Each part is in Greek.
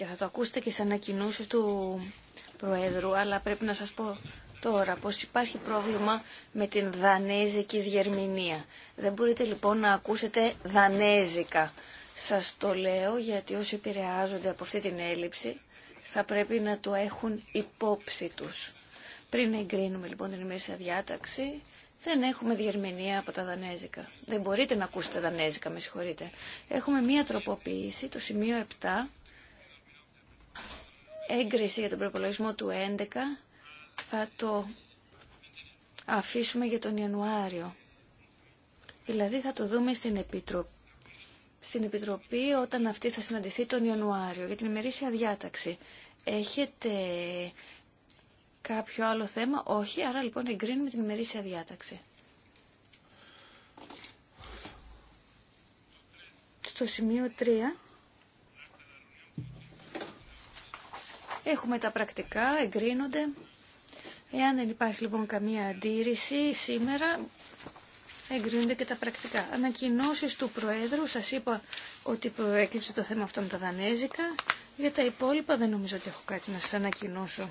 και θα το ακούσετε και σε ανακοινώσει του Προέδρου, αλλά πρέπει να σας πω τώρα πως υπάρχει πρόβλημα με την δανέζικη διερμηνία. Δεν μπορείτε λοιπόν να ακούσετε δανέζικα. Σας το λέω γιατί όσοι επηρεάζονται από αυτή την έλλειψη θα πρέπει να το έχουν υπόψη τους. Πριν εγκρίνουμε λοιπόν την ημέρα διάταξη, δεν έχουμε διερμηνία από τα δανέζικα. Δεν μπορείτε να ακούσετε δανέζικα, με συγχωρείτε. Έχουμε μία τροποποίηση, το σημείο 7, έγκριση για τον προπολογισμό του 11 θα το αφήσουμε για τον Ιανουάριο. Δηλαδή θα το δούμε στην Επιτροπή στην Επιτροπή όταν αυτή θα συναντηθεί τον Ιανουάριο για την ημερήσια διάταξη. Έχετε κάποιο άλλο θέμα. Όχι, άρα λοιπόν εγκρίνουμε την ημερήσια διάταξη. Στο σημείο 3 Έχουμε τα πρακτικά, εγκρίνονται. Εάν δεν υπάρχει λοιπόν καμία αντίρρηση σήμερα, εγκρίνονται και τα πρακτικά. Ανακοινώσεις του Προέδρου, σας είπα ότι προέκυψε το θέμα αυτό με τα Δανέζικα. Για τα υπόλοιπα δεν νομίζω ότι έχω κάτι να σας ανακοινώσω.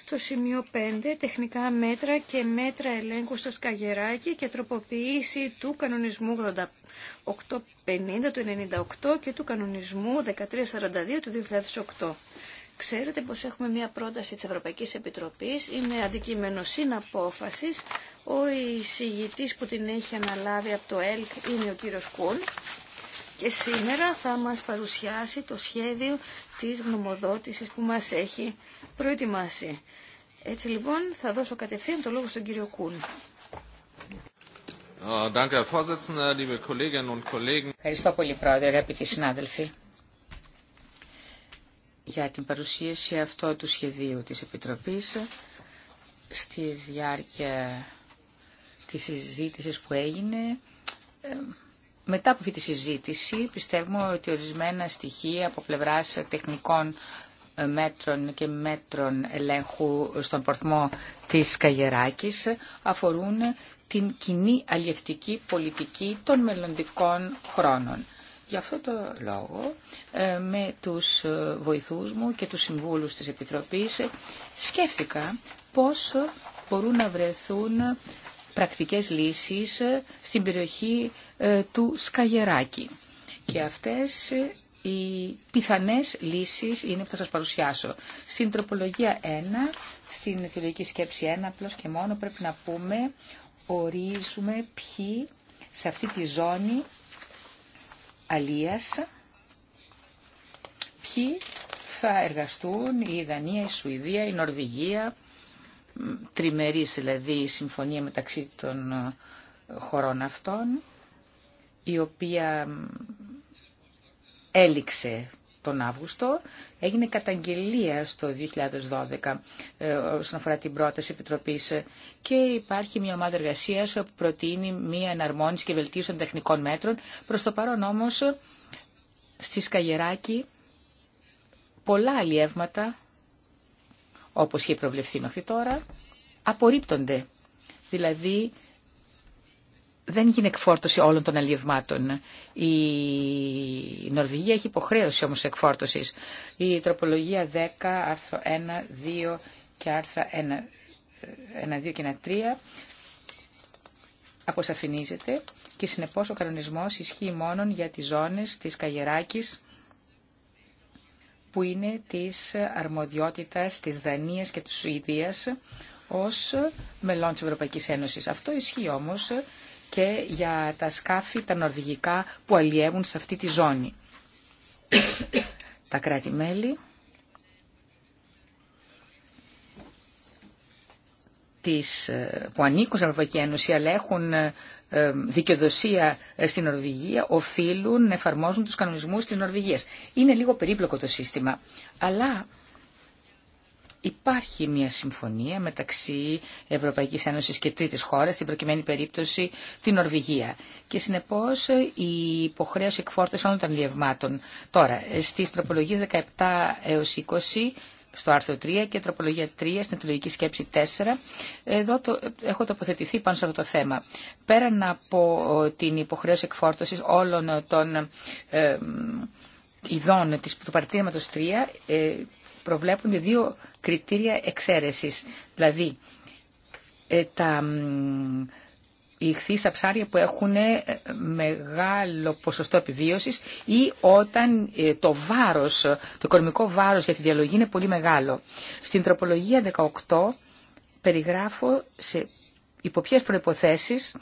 Στο σημείο 5, τεχνικά μέτρα και μέτρα ελέγχου στο σκαγεράκι και τροποποίηση του κανονισμού 850 του 98 και του κανονισμού 1342 του 2008. Ξέρετε πως έχουμε μια πρόταση της Ευρωπαϊκής Επιτροπής, είναι αντικείμενο συναπόφασης. Ο εισηγητής που την έχει αναλάβει από το ΕΛΚ είναι ο κύριος Κούν και σήμερα θα μας παρουσιάσει το σχέδιο της γνωμοδότησης που μας έχει προετοιμάσει. Έτσι λοιπόν θα δώσω κατευθείαν το λόγο στον κύριο Κούν. Ευχαριστώ πολύ πρόεδρε, αγαπητοί συνάδελφοι για την παρουσίαση αυτό του σχεδίου της Επιτροπής στη διάρκεια της συζήτησης που έγινε. Ε, μετά από αυτή τη συζήτηση πιστεύουμε ότι ορισμένα στοιχεία από πλευράς τεχνικών ε, μέτρων και μέτρων ελέγχου στον πορθμό της Καγεράκης αφορούν την κοινή αλλιευτική πολιτική των μελλοντικών χρόνων. Γι' αυτό το λόγο ε, με τους ε, βοηθούς μου και τους συμβούλους της Επιτροπής ε, σκέφτηκα πώς μπορούν να βρεθούν πρακτικές λύσεις στην περιοχή του Σκαγεράκη. Και αυτές οι πιθανές λύσεις είναι που θα σας παρουσιάσω. Στην τροπολογία 1, στην αιτιολογική σκέψη 1, απλώς και μόνο πρέπει να πούμε, ορίζουμε ποιοι σε αυτή τη ζώνη αλίας ποιοι θα εργαστούν η Δανία, η Σουηδία, η Νορβηγία, τριμερής δηλαδή η συμφωνία μεταξύ των ε, χωρών αυτών, η οποία έληξε τον Αύγουστο έγινε καταγγελία στο 2012 ε, όσον αφορά την πρόταση επιτροπή. και υπάρχει μια ομάδα εργασία που προτείνει μια εναρμόνιση και βελτίωση των τεχνικών μέτρων. Προς το παρόν όμως στη Σκαγεράκη πολλά αλλιεύματα όπως είχε προβλεφθεί μέχρι τώρα απορρίπτονται. Δηλαδή δεν γίνει εκφόρτωση όλων των αλλιευμάτων. Η Νορβηγία έχει υποχρέωση όμως εκφόρτωσης. Η τροπολογία 10, άρθρο 1, 2 και άρθρα 1, 1 2 και 1, 3 αποσαφηνίζεται και συνεπώς ο κανονισμός ισχύει μόνο για τις ζώνες της Καγεράκης που είναι της αρμοδιότητας της Δανίας και της Σουηδίας ως μελών της Ευρωπαϊκής Ένωσης. Αυτό ισχύει όμως και για τα σκάφη τα νορβηγικά που αλλιεύουν σε αυτή τη ζώνη. τα κράτη-μέλη ε, που ανήκουν στην Ευρωπαϊκή Ένωση αλλά έχουν ε, ε, δικαιοδοσία στην Νορβηγία οφείλουν να εφαρμόζουν τους κανονισμούς της Νορβηγίας. Είναι λίγο περίπλοκο το σύστημα, αλλά υπάρχει μια συμφωνία μεταξύ Ευρωπαϊκής Ένωσης και τρίτης χώρας, στην προκειμένη περίπτωση την Νορβηγία. Και συνεπώς η υποχρέωση εκφόρτωση όλων των διευμάτων. Τώρα, στις τροπολογίες 17 έως 20 στο άρθρο 3 και τροπολογία 3 στην αιτιολογική σκέψη 4. Εδώ το, έχω τοποθετηθεί πάνω σε αυτό το θέμα. Πέραν από την υποχρέωση εκφόρτωσης όλων των ε, ειδών της, του 3, προβλέπουν δύο κριτήρια εξαίρεσης. Δηλαδή, ε, τα, οι χθείς στα ψάρια που έχουν ε, μεγάλο ποσοστό επιβίωσης ή όταν ε, το βάρος, το οικονομικό βάρος για τη διαλογή είναι πολύ μεγάλο. Στην τροπολογία 18 περιγράφω σε υπό ποιες προϋποθέσεις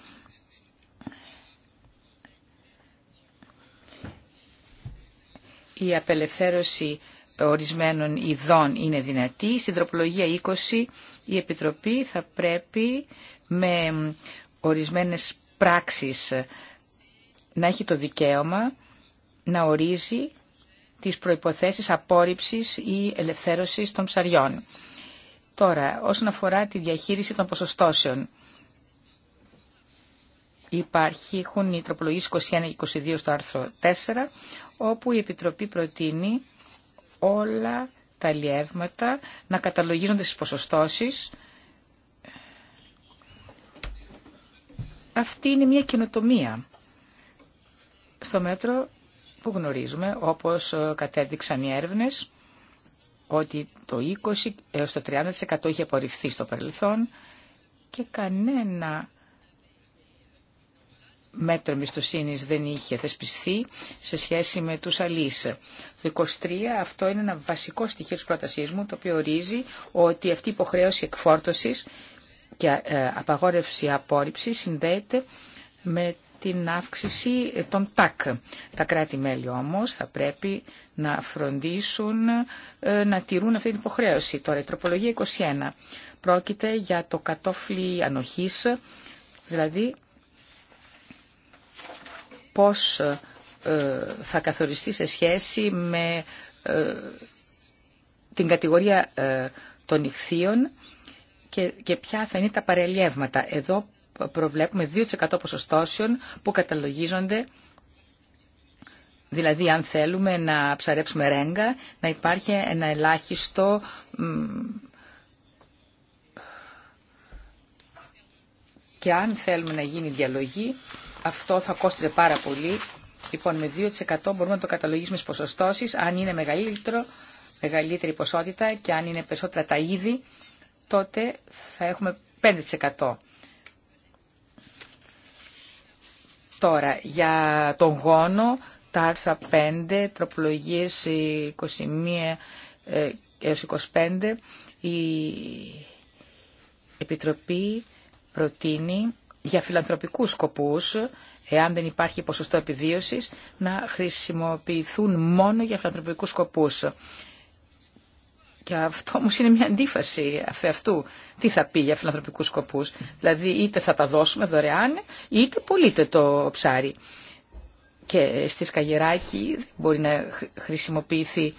η απελευθέρωση ορισμένων ειδών είναι δυνατή. Στην τροπολογία 20 η Επιτροπή θα πρέπει με ορισμένες πράξεις να έχει το δικαίωμα να ορίζει τις προϋποθέσεις απόρριψης ή ελευθέρωσης των ψαριών. Τώρα, όσον αφορά τη διαχείριση των ποσοστώσεων, υπάρχουν οι τροπολογίες 21 και 22 στο άρθρο 4, όπου η Επιτροπή προτείνει όλα τα λιεύματα να καταλογίζονται στις ποσοστώσεις. Αυτή είναι μια καινοτομία στο μέτρο που γνωρίζουμε, όπως ε, κατέδειξαν οι έρευνες, ότι το 20 έως το 30% είχε απορριφθεί στο παρελθόν και κανένα μέτρο εμπιστοσύνη δεν είχε θεσπιστεί σε σχέση με τους αλείς. Το 23 αυτό είναι ένα βασικό στοιχείο τη πρότασή μου, το οποίο ορίζει ότι αυτή η υποχρέωση εκφόρτωση και ε, απαγόρευση απόρριψη συνδέεται με την αύξηση των ΤΑΚ. Τα κράτη-μέλη όμως θα πρέπει να φροντίσουν ε, να τηρούν αυτή την υποχρέωση. Τώρα η τροπολογία 21 πρόκειται για το κατόφλι ανοχής, δηλαδή πώς ε, ε, θα καθοριστεί σε σχέση με ε, την κατηγορία των ηχθείων και ποια θα είναι τα παρελιεύματα. Εδώ προβλέπουμε 2% ποσοστώσεων που καταλογίζονται, δηλαδή αν θέλουμε να ψαρέψουμε ρέγγα, να υπάρχει ένα ελάχιστο και αν θέλουμε να γίνει διαλογή, αυτό θα κόστιζε πάρα πολύ. Λοιπόν, με 2% μπορούμε να το καταλογίσουμε στι ποσοστώσει. αν είναι μεγαλύτερο, μεγαλύτερη ποσότητα και αν είναι περισσότερα τα είδη, τότε θα έχουμε 5%. Τώρα, για τον γόνο, τα άρθρα 5, τροπολογίες 21 ε, έως 25, η Επιτροπή προτείνει για φιλανθρωπικούς σκοπούς, εάν δεν υπάρχει ποσοστό επιβίωσης, να χρησιμοποιηθούν μόνο για φιλανθρωπικούς σκοπούς. Και αυτό όμω είναι μια αντίφαση αφ' αυτού. Τι θα πει για φιλανθρωπικούς σκοπούς. Δηλαδή, είτε θα τα δώσουμε δωρεάν, είτε πουλείται το ψάρι. Και στη Σκαγεράκη μπορεί να χρησιμοποιηθεί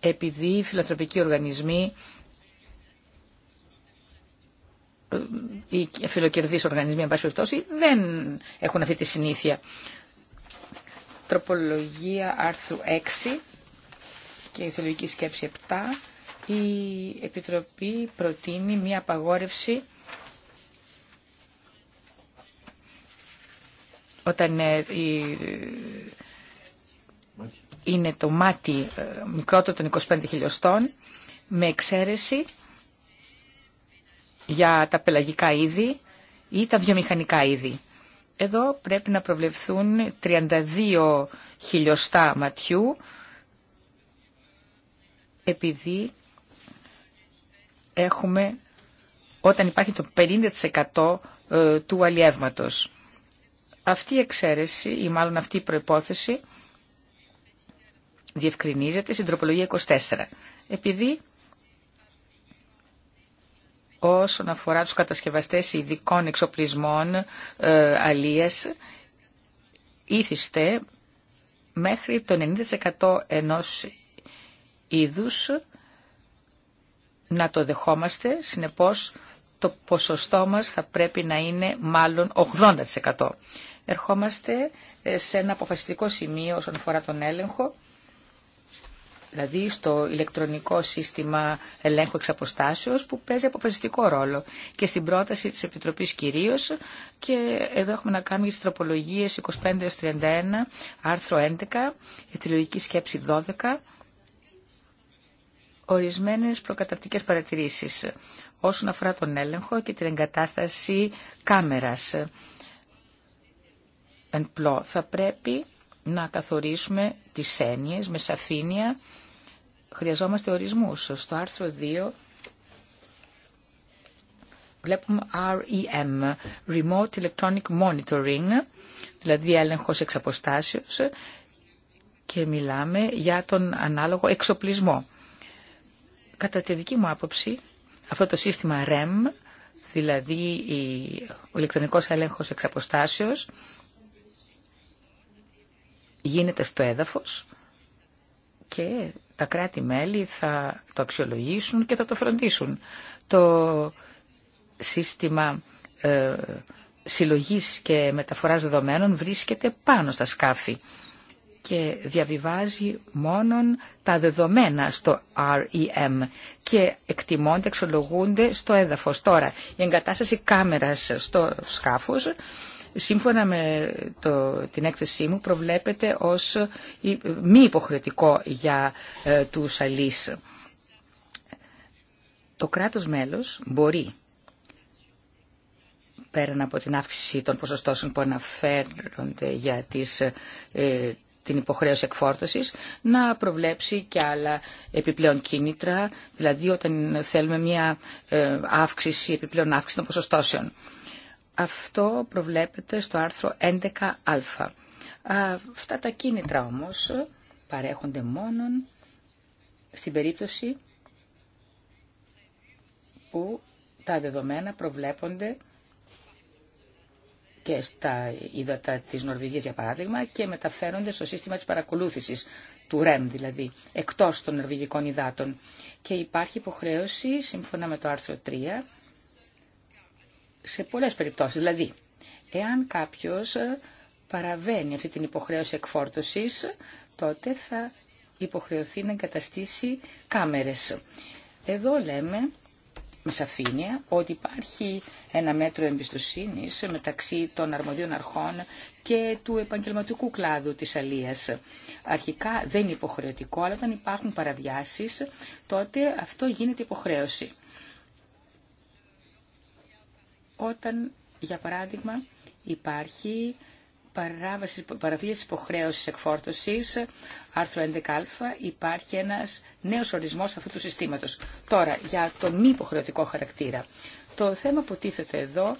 επειδή οι φιλανθρωπικοί οργανισμοί οι φιλοκερδείς οργανισμοί, εν πάση περιπτώσει, δεν έχουν αυτή τη συνήθεια. Τροπολογία άρθρου 6 και η θεολογική σκέψη 7. Η Επιτροπή προτείνει μία απαγόρευση όταν ε, είναι το μάτι ε, μικρότερο των 25 χιλιοστών με εξαίρεση για τα πελαγικά είδη ή τα βιομηχανικά είδη. Εδώ πρέπει να προβλεφθούν 32 χιλιοστά ματιού, επειδή έχουμε όταν υπάρχει το 50% ε, του αλλιεύματος. Αυτή η εξαίρεση ή μάλλον αυτή η προϋπόθεση διευκρινίζεται στην τροπολογία 24. Επειδή όσον αφορά τους κατασκευαστές ειδικών εξοπλισμών ε, αλίες, ήθιστε μέχρι το 90% ενός είδους να το δεχόμαστε, συνεπώς το ποσοστό μας θα πρέπει να είναι μάλλον 80%. Ερχόμαστε ε, σε ένα αποφασιστικό σημείο όσον αφορά τον έλεγχο δηλαδή στο ηλεκτρονικό σύστημα ελέγχου εξ που παίζει αποφασιστικό ρόλο και στην πρόταση της Επιτροπής κυρίως και εδώ έχουμε να κάνουμε τις τροπολογίες 25-31, άρθρο 11, τη σκέψη 12, ορισμένες προκαταρτικές παρατηρήσεις όσον αφορά τον έλεγχο και την εγκατάσταση κάμερας. Εν πλώ, θα πρέπει να καθορίσουμε τις έννοιες με σαφήνεια. Χρειαζόμαστε ορισμούς. Στο άρθρο 2 βλέπουμε REM, Remote Electronic Monitoring, δηλαδή έλεγχος εξ και μιλάμε για τον ανάλογο εξοπλισμό. Κατά τη δική μου άποψη, αυτό το σύστημα REM, δηλαδή ο ηλεκτρονικός έλεγχος εξ γίνεται στο έδαφος και τα κράτη-μέλη θα το αξιολογήσουν και θα το φροντίσουν. Το σύστημα ε, συλλογής και μεταφοράς δεδομένων βρίσκεται πάνω στα σκάφη και διαβιβάζει μόνον τα δεδομένα στο REM και εκτιμώνται, εξολογούνται στο έδαφος. Τώρα, η εγκατάσταση κάμερας στο σκάφος σύμφωνα με το, την έκθεσή μου προβλέπεται ως μη υποχρεωτικό για του ε, τους αλείς. Το κράτος μέλος μπορεί πέραν από την αύξηση των ποσοστώσεων που αναφέρονται για τις, ε, την υποχρέωση εκφόρτωσης, να προβλέψει και άλλα επιπλέον κίνητρα, δηλαδή όταν θέλουμε μια ε, αύξηση, επιπλέον αύξηση των ποσοστώσεων. Αυτό προβλέπεται στο άρθρο 11α. Αυτά τα κίνητρα όμως παρέχονται μόνον στην περίπτωση που τα δεδομένα προβλέπονται και στα ύδατα της Νορβηγίας για παράδειγμα και μεταφέρονται στο σύστημα της παρακολούθησης του ΡΕΜ, δηλαδή, εκτός των νορβηγικών υδάτων. Και υπάρχει υποχρέωση, σύμφωνα με το άρθρο 3, σε πολλές περιπτώσεις. Δηλαδή, εάν κάποιος ε, παραβαίνει αυτή την υποχρέωση εκφόρτωσης, τότε θα υποχρεωθεί να εγκαταστήσει κάμερες. Εδώ λέμε με σαφήνεια ότι υπάρχει ένα μέτρο εμπιστοσύνης μεταξύ των αρμοδίων αρχών και του επαγγελματικού κλάδου της αλίας. Αρχικά δεν είναι υποχρεωτικό, αλλά όταν υπάρχουν παραβιάσεις, τότε αυτό γίνεται υποχρέωση όταν, για παράδειγμα, παράβαση, παραβίαση υποχρέωση εκφόρτωση, άρθρο 11α, υπάρχει ένα νέο ορισμό αυτού του συστήματο. Τώρα, για τον μη υποχρεωτικό χαρακτήρα. Το θέμα που τίθεται εδώ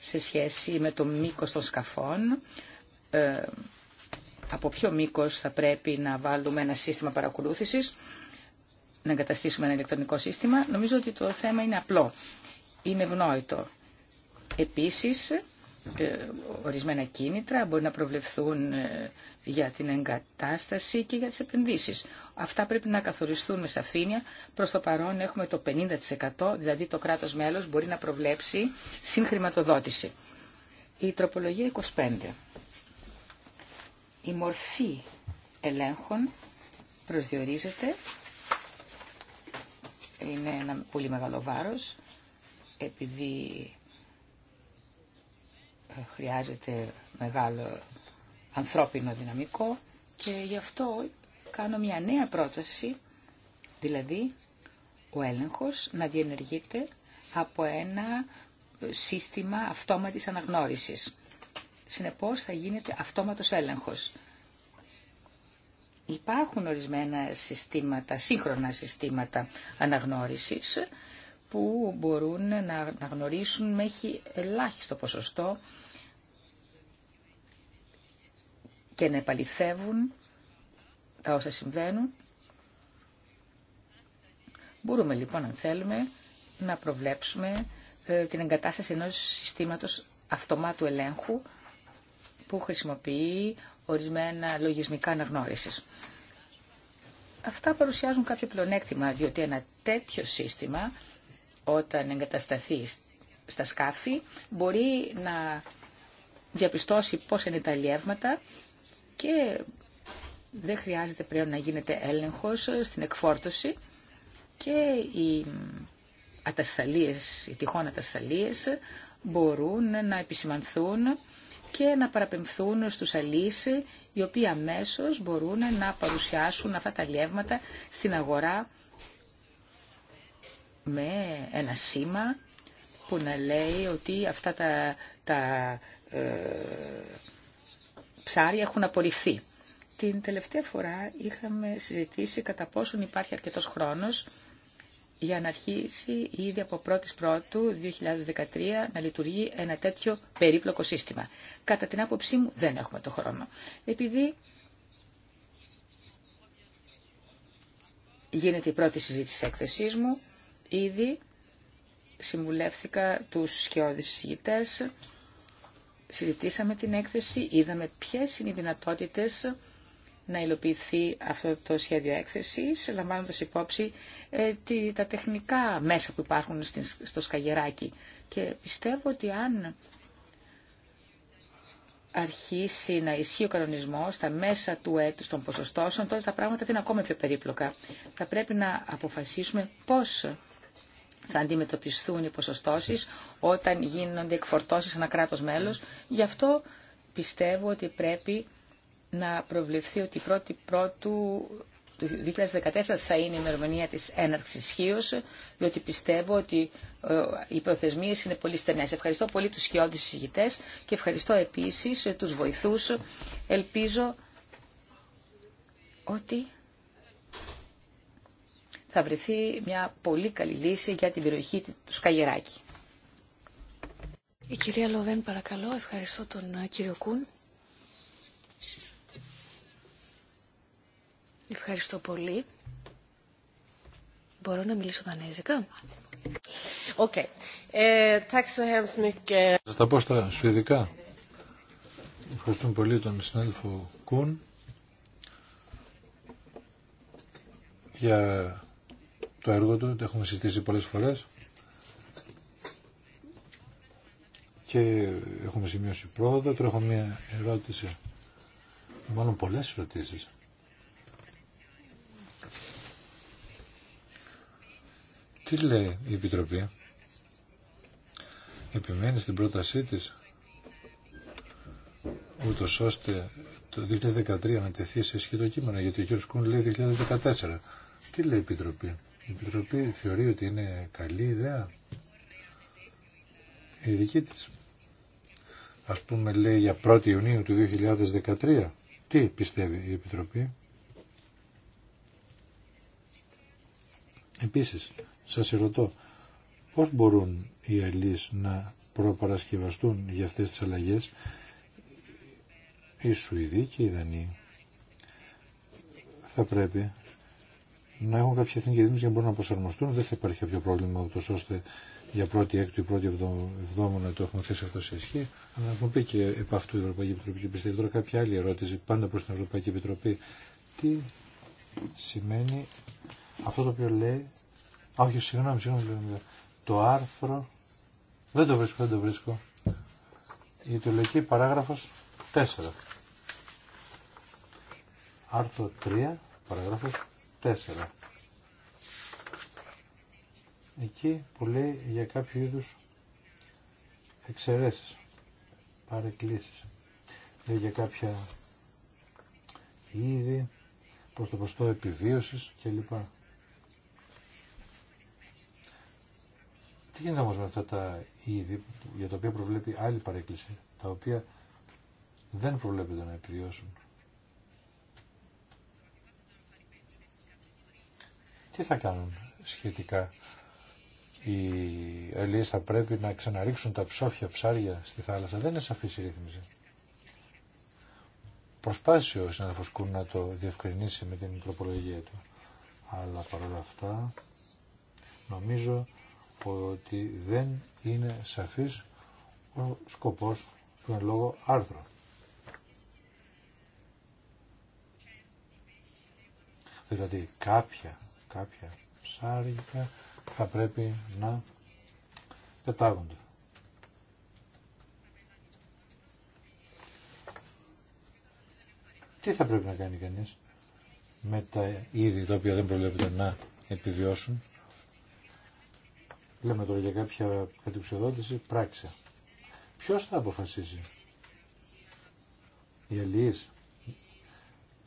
σε σχέση με το μήκο των σκαφών, ε, από ποιο μήκο θα πρέπει να βάλουμε ένα σύστημα παρακολούθηση, να εγκαταστήσουμε ένα ηλεκτρονικό σύστημα, νομίζω ότι το θέμα είναι απλό. Είναι ευνόητο Επίσης, ε, ορισμένα κίνητρα μπορεί να προβλεφθούν ε, για την εγκατάσταση και για τις επενδύσεις. Αυτά πρέπει να καθοριστούν με σαφήνεια. Προς το παρόν έχουμε το 50%, δηλαδή το κράτος μέλος μπορεί να προβλέψει συγχρηματοδότηση. Η τροπολογία 25. Η μορφή ελέγχων προσδιορίζεται. Είναι ένα πολύ μεγάλο βάρος, επειδή χρειάζεται μεγάλο ανθρώπινο δυναμικό και γι' αυτό κάνω μια νέα πρόταση, δηλαδή ο έλεγχος να διενεργείται από ένα σύστημα αυτόματης αναγνώρισης. Συνεπώς θα γίνεται αυτόματος έλεγχος. Υπάρχουν ορισμένα συστήματα, σύγχρονα συστήματα αναγνώρισης που μπορούν να αναγνωρίσουν μέχρι ελάχιστο ποσοστό και να επαληθεύουν τα όσα συμβαίνουν. Μπορούμε λοιπόν, αν θέλουμε, να προβλέψουμε ε, την εγκατάσταση ενός συστήματος αυτομάτου ελέγχου που χρησιμοποιεί ορισμένα λογισμικά αναγνώρισης. Αυτά παρουσιάζουν κάποιο πλεονέκτημα, διότι ένα τέτοιο σύστημα, όταν εγκατασταθεί στα σκάφη, μπορεί να διαπιστώσει πώς είναι τα αλλιεύματα και δεν χρειάζεται πλέον να γίνεται έλεγχος στην εκφόρτωση και οι ατασθαλίες, οι τυχόν ατασθαλίες μπορούν να επισημανθούν και να παραπεμφθούν στους αλείς οι οποίοι αμέσως μπορούν να παρουσιάσουν αυτά τα στην αγορά με ένα σήμα που να λέει ότι αυτά τα, τα ε, ψάρια έχουν απολυθεί. Την τελευταία φορά είχαμε συζητήσει κατά πόσον υπάρχει αρκετός χρόνος για να αρχίσει ήδη από 1η Πρώτου 2013 να λειτουργεί ένα τέτοιο περίπλοκο σύστημα. Κατά την άποψή μου δεν έχουμε το χρόνο. Επειδή γίνεται η πρώτη συζήτηση έκθεσή μου, ήδη συμβουλεύθηκα τους σχεώδεις συζητητές συζητήσαμε την έκθεση, είδαμε ποιες είναι οι δυνατότητες να υλοποιηθεί αυτό το σχέδιο έκθεσης, λαμβάνοντα υπόψη ε, τα τεχνικά μέσα που υπάρχουν στο σκαγεράκι. Και πιστεύω ότι αν αρχίσει να ισχύει ο κανονισμό στα μέσα του έτου των ποσοστώσεων, τότε τα πράγματα θα είναι ακόμα πιο περίπλοκα. Θα πρέπει να αποφασίσουμε πώς θα αντιμετωπιστούν οι ποσοστώσεις όταν γίνονται εκφορτώσεις ένα κράτος μέλος. Γι' αυτό πιστεύω ότι πρέπει να προβλεφθεί ότι η πρώτη πρώτου του 2014 θα είναι η ημερομηνία της έναρξης ισχύω, διότι πιστεύω ότι ε, οι προθεσμίες είναι πολύ στενές. Ευχαριστώ πολύ τους σκιώδεις συζητητές και ευχαριστώ επίσης τους βοηθούς. Ελπίζω ότι θα βρεθεί μια πολύ καλή λύση για την περιοχή του Σκαγεράκη. Η κυρία Λοβέν παρακαλώ, ευχαριστώ τον ε, κύριο Κούν. Ευχαριστώ πολύ. Μπορώ να μιλήσω δανέζικα. Okay. Ε, Θα τα πω στα σουηδικά. Ευχαριστούμε πολύ τον συνάδελφο Κούν για το έργο του, το έχουμε συζητήσει πολλές φορές και έχουμε σημειώσει πρόοδο. Τώρα έχω μια ερώτηση, μάλλον πολλές ερωτήσεις. Τι λέει η Επιτροπή, επιμένει στην πρότασή της ούτω ώστε το 2013 να τεθεί σε ισχύ το κείμενο, γιατί ο κ. Κούν λέει 2014. Τι λέει η Επιτροπή. Η Επιτροπή θεωρεί ότι είναι καλή ιδέα η δική της. Ας πούμε λέει για 1η Ιουνίου του 2013. Τι πιστεύει η Επιτροπή. Επίσης, σας ερωτώ, πώς μπορούν οι αλληλείς να προπαρασκευαστούν για αυτές τις αλλαγές οι Σουηδοί και οι Δανείοι θα πρέπει να έχουν κάποια εθνική δήμηση για να μπορούν να προσαρμοστούν. Δεν θα υπάρχει κάποιο πρόβλημα ούτω ώστε για πρώτη έκτου ή πρώτη εβδόμου να το έχουμε θέσει αυτό σε ισχύ. Αλλά να μου πει και επ' αυτού η Ευρωπαϊκή Επιτροπή και πιστεύω τώρα κάποια άλλη ερώτηση πάντα προ την Ευρωπαϊκή Επιτροπή. Τι σημαίνει αυτό το οποίο λέει... Α, όχι, συγγνώμη, συγγνώμη, το άρθρο... Δεν το βρίσκω, δεν το βρίσκω. Η ιτολογική παράγραφο 4. Άρθρο 3, παράγραφος 4. Εκεί που λέει για κάποιο είδους εξαιρέσεις, παρεκκλήσεις. Λέει για κάποια είδη, προς το ποστό επιβίωσης κλπ. Τι γίνεται όμως με αυτά τα είδη για τα οποία προβλέπει άλλη παρέκκληση, τα οποία δεν προβλέπεται να επιβιώσουν. τι θα κάνουν σχετικά. Οι Ελίες θα πρέπει να ξαναρίξουν τα ψόφια ψάρια στη θάλασσα. Δεν είναι σαφής η ρύθμιση. Προσπάσει ο συνάδελφος Κούν να το διευκρινίσει με την προπολογία του. Αλλά παρόλα αυτά νομίζω ότι δεν είναι σαφής ο σκοπός του εν λόγω άρθρου. Δηλαδή κάποια κάποια ψάρια θα πρέπει να πετάγονται. Τι θα πρέπει να κάνει κανείς με τα είδη τα οποία δεν προβλέπεται να επιβιώσουν. Λέμε τώρα για κάποια κατηξιδότηση πράξη. Ποιος θα αποφασίζει. Οι αλληλείς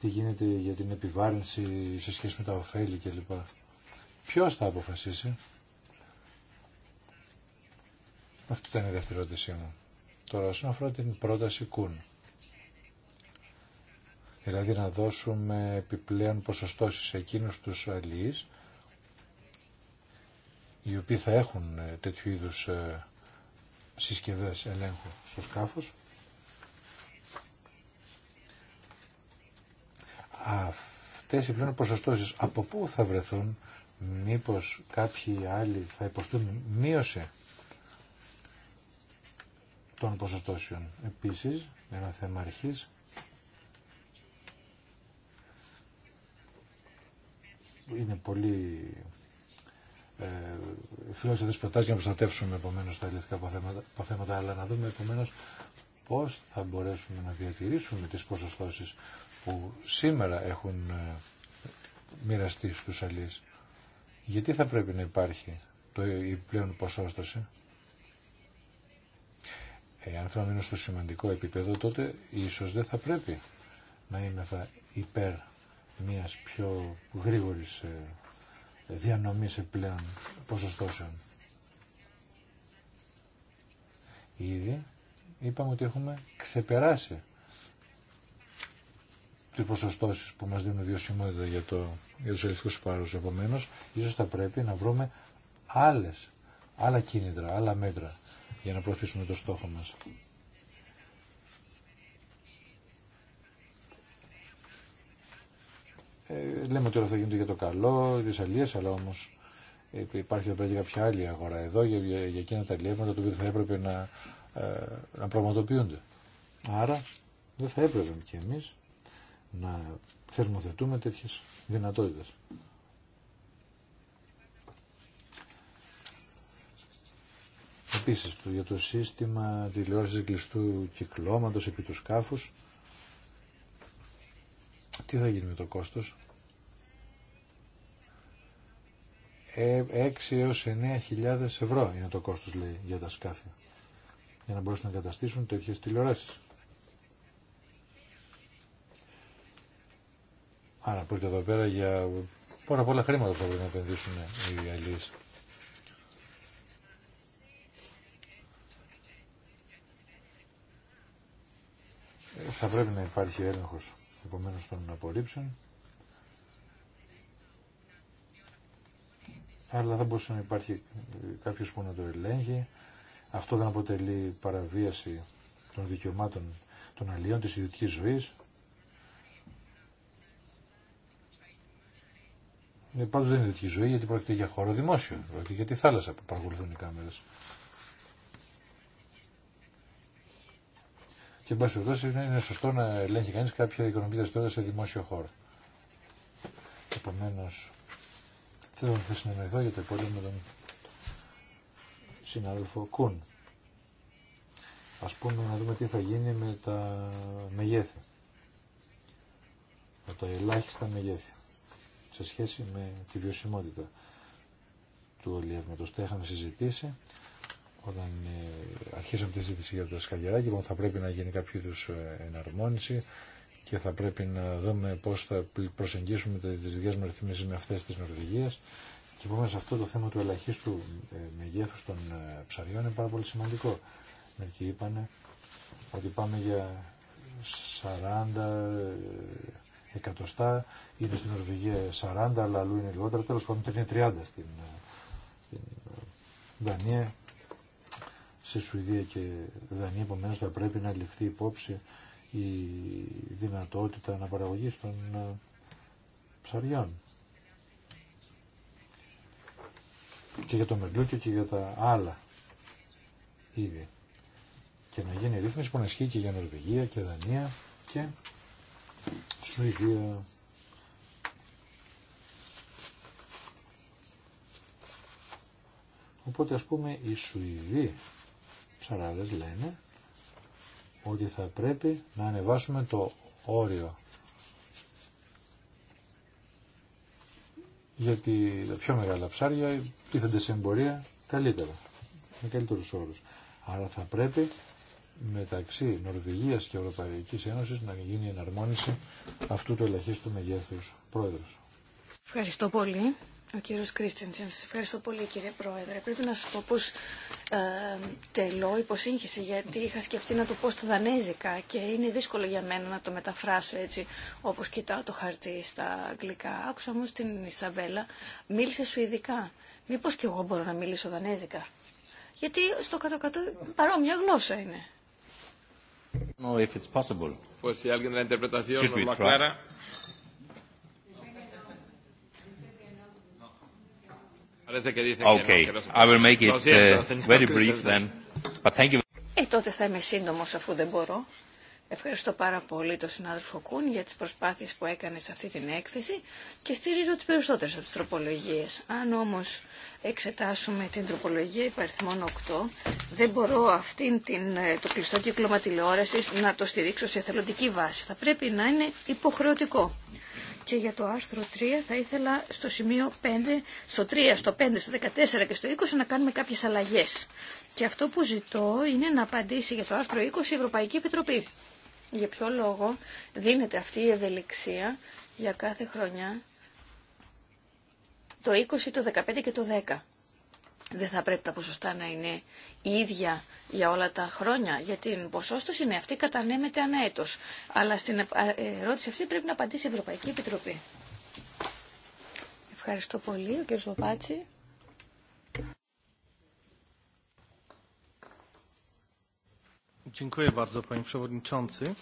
τι γίνεται για την επιβάρυνση σε σχέση με τα ωφέλη κλπ. Ποιο θα αποφασίσει. Αυτή ήταν η δεύτερη ερώτησή μου. Τώρα, όσον αφορά την πρόταση Κούν. Δηλαδή να δώσουμε επιπλέον ποσοστό σε εκείνους τους αλληλείς, οι οποίοι θα έχουν ε, τέτοιου είδους ε, συσκευές ελέγχου στο σκάφος. αυτές οι πλέον ποσοστώσει από πού θα βρεθούν, μήπως κάποιοι άλλοι θα υποστούν μείωση των ποσοστώσεων. Επίσης, ένα θέμα αρχής, είναι πολύ ε, φιλόσοφες προτάσεις για να προστατεύσουμε επομένως τα ελληνικά αποθέματα, αλλά να δούμε επομένως πώς θα μπορέσουμε να διατηρήσουμε τις ποσοστώσεις που σήμερα έχουν ε, μοιραστεί στους αλλιείς, Γιατί θα πρέπει να υπάρχει το, η πλέον ποσόστοση. αν θα μείνω στο σημαντικό επίπεδο, τότε ίσως δεν θα πρέπει να είμαι θα υπέρ μιας πιο γρήγορης ε, διανομής πλέον ποσοστώσεων. Ήδη είπαμε ότι έχουμε ξεπεράσει τι ποσοστώσει που μας δίνουν βιωσιμότητα για, το, για τους επομένω. πάρους. Επομένως, ίσως θα πρέπει να βρούμε άλλε, άλλα κίνητρα, άλλα μέτρα για να προωθήσουμε το στόχο μας. Ε, λέμε ότι όλα θα γίνονται για το καλό, τις Αλία, αλλά όμως υπάρχει εδώ πέρα κάποια άλλη αγορά εδώ για, για, για εκείνα τα αλλιεύματα τα οποία θα έπρεπε να, ε, να πραγματοποιούνται. Άρα δεν θα έπρεπε και εμείς να θερμοθετούμε τέτοιες δυνατότητες. Επίσης για το σύστημα τηλεόρασης κλειστού κυκλώματος επί του σκάφους τι θα γίνει με το κόστος 6 ε, έως 9.000 ευρώ είναι το κόστος λέει για τα σκάφη για να μπορέσουν να καταστήσουν τέτοιες τηλεοράσεις. Άρα πρόκειται εδώ πέρα για πάρα πολλά χρήματα θα πρέπει να επενδύσουν οι αλληλείς. Θα πρέπει να υπάρχει έλεγχος επομένως των απορρίψεων. αλλά δεν μπορούσε να υπάρχει κάποιος που να το ελέγχει. Αυτό δεν αποτελεί παραβίαση των δικαιωμάτων των αλλιών της ιδιωτικής ζωής. Ε, Πάντω δεν είναι τέτοια ζωή γιατί πρόκειται για χώρο δημόσιο. Πρόκειται για τη θάλασσα που παρακολουθούν οι κάμερε. Και εν πάση περιπτώσει είναι σωστό να ελέγχει κανεί κάποια οικονομική δραστηριότητα σε δημόσιο χώρο. Επομένω, θέλω να συνεννοηθώ για το επόμενο με τον συνάδελφο Κούν. Α πούμε να δούμε τι θα γίνει με τα μεγέθη. Με τα ελάχιστα μεγέθη σε σχέση με τη βιωσιμότητα του ολιεύματο. Τα είχαμε συζητήσει όταν ε, αρχίσαμε τη συζήτηση για το Σκαλιαράκι. που λοιπόν, θα πρέπει να γίνει κάποιο είδου ε, εναρμόνιση και θα πρέπει να δούμε πώ θα προσεγγίσουμε τι δικέ μα ρυθμίσει με αυτέ τη Νορβηγίας. Και σε αυτό το θέμα του ελαχίστου ε, μεγέθου των ψαριών είναι πάρα πολύ σημαντικό. Μερικοί είπαν ότι πάμε για 40 εκατοστά, είναι στην Νορβηγία 40, αλλά αλλού είναι λιγότερα, Τέλο πάντων είναι 30 στην, ε, στην ε, Δανία, σε Σουηδία και Δανία, Επομένω θα πρέπει να ληφθεί υπόψη η δυνατότητα αναπαραγωγή των ε, ψαριών. Και για το μερλούκιο και για τα άλλα είδη. Και να γίνει ρύθμιση που να ισχύει και για Νορβηγία και Δανία και Σουηδία. Οπότε ας πούμε οι Σουηδοί ψαράδες λένε ότι θα πρέπει να ανεβάσουμε το όριο. Γιατί τα πιο μεγάλα ψάρια πίθανται σε εμπορία καλύτερα, με καλύτερους όρους. Άρα θα πρέπει μεταξύ Νορβηγίας και Ευρωπαϊκής Ένωσης να γίνει η εναρμόνιση αυτού του ελαχίστου μεγέθους. Πρόεδρος. Ευχαριστώ πολύ. Ο κύριος Κρίστενσεν, ευχαριστώ πολύ κύριε Πρόεδρε. Πρέπει να σας πω πως ε, τελώ υποσύγχυση γιατί είχα σκεφτεί να το πω στα δανέζικα και είναι δύσκολο για μένα να το μεταφράσω έτσι όπως κοιτάω το χαρτί στα αγγλικά. Άκουσα όμως την Ισαβέλα, μίλησε σου ειδικά. Μήπως και εγώ μπορώ να μιλήσω δανέζικα. Γιατί στο κάτω-κάτω παρόμοια γλώσσα είναι. No, if it's possible. Pues si alguien de la interpretación nos lo aclara. Parece que dicen okay. que no. I will make it very brief then. But thank you. Ε, τότε θα είμαι σύντομο αφού δεν Ευχαριστώ πάρα πολύ τον συνάδελφο Κούν για τις προσπάθειες που έκανε σε αυτή την έκθεση και στηρίζω τις περισσότερες από τις τροπολογίες. Αν όμως εξετάσουμε την τροπολογία υπαριθμών 8, δεν μπορώ αυτήν την, ε, το κλειστό κύκλωμα τηλεόρασης να το στηρίξω σε θελοντική βάση. Θα πρέπει να είναι υποχρεωτικό. Και για το άρθρο 3 θα ήθελα στο σημείο 5, στο 3, στο 5, στο 14 και στο 20 να κάνουμε κάποιες αλλαγές. Και αυτό που ζητώ είναι να απαντήσει για το άρθρο 20 η Ευρωπαϊκή Επιτροπή για ποιο λόγο δίνεται αυτή η ευελιξία για κάθε χρονιά το 20, το 15 και το 10. Δεν θα πρέπει τα ποσοστά να είναι ίδια για όλα τα χρόνια. γιατί η ποσόστοση είναι αυτή κατανέμεται ανά έτος. Αλλά στην ε, ερώτηση αυτή πρέπει να απαντήσει η Ευρωπαϊκή Επιτροπή. Ευχαριστώ πολύ, ο κ. Ζωπάτση. Dziękuję bardzo, panie przewodniczący.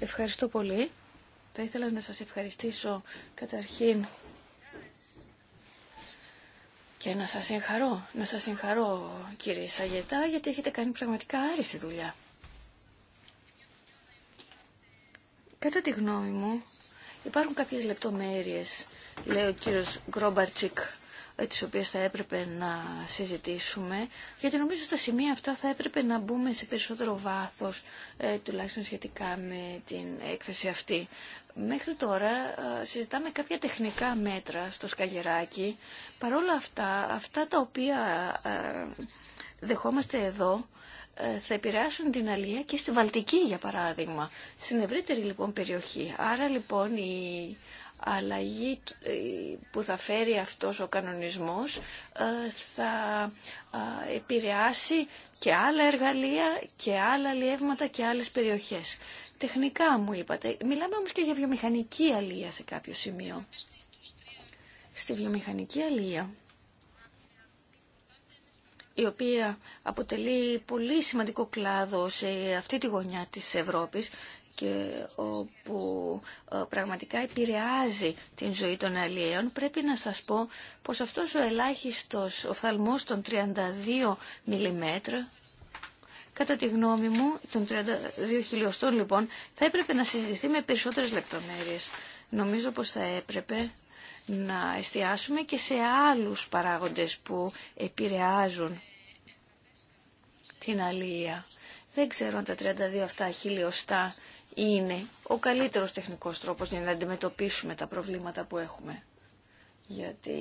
Ευχαριστώ πολύ. Θα ήθελα να σας ευχαριστήσω καταρχήν και να σας συγχαρώ, να σας συγχαρώ κύριε Σαγετά γιατί έχετε κάνει πραγματικά άριστη δουλειά. Κατά τη γνώμη μου υπάρχουν κάποιες λεπτομέρειες, λέει ο κύριος Γκρόμπαρτσικ, ε, τις οποίες θα έπρεπε να συζητήσουμε, γιατί νομίζω στα σημεία αυτά θα έπρεπε να μπούμε σε περισσότερο βάθος, ε, τουλάχιστον σχετικά με την έκθεση αυτή. Μέχρι τώρα ε, συζητάμε κάποια τεχνικά μέτρα στο σκαγεράκι. Παρόλα αυτά, αυτά τα οποία δεχόμαστε εδώ, θα επηρεάσουν την Αλία και στη Βαλτική, για παράδειγμα, στην ευρύτερη λοιπόν περιοχή. Άρα λοιπόν η αλλαγή ε, που θα φέρει αυτός ο κανονισμός ε, θα ε, επηρεάσει και άλλα εργαλεία και άλλα αλλιεύματα και άλλες περιοχές. Τεχνικά μου είπατε. Μιλάμε όμως και για βιομηχανική αλία σε κάποιο σημείο. Στη βιομηχανική αλληλεία η οποία αποτελεί πολύ σημαντικό κλάδο σε αυτή τη γωνιά της Ευρώπης, και όπου ε, πραγματικά επηρεάζει την ζωή των αλλιέων, πρέπει να σας πω πως αυτός ο ελάχιστος οφθαλμός των 32 mm, κατά τη γνώμη μου, των 32 χιλιοστών λοιπόν, θα έπρεπε να συζητηθεί με περισσότερες λεπτομέρειες. Νομίζω πως θα έπρεπε να εστιάσουμε και σε άλλους παράγοντες που επηρεάζουν την αλληλεία. Δεν ξέρω αν τα 32 αυτά χιλιοστά είναι ο καλύτερος τεχνικός τρόπος για να αντιμετωπίσουμε τα προβλήματα που έχουμε. Γιατί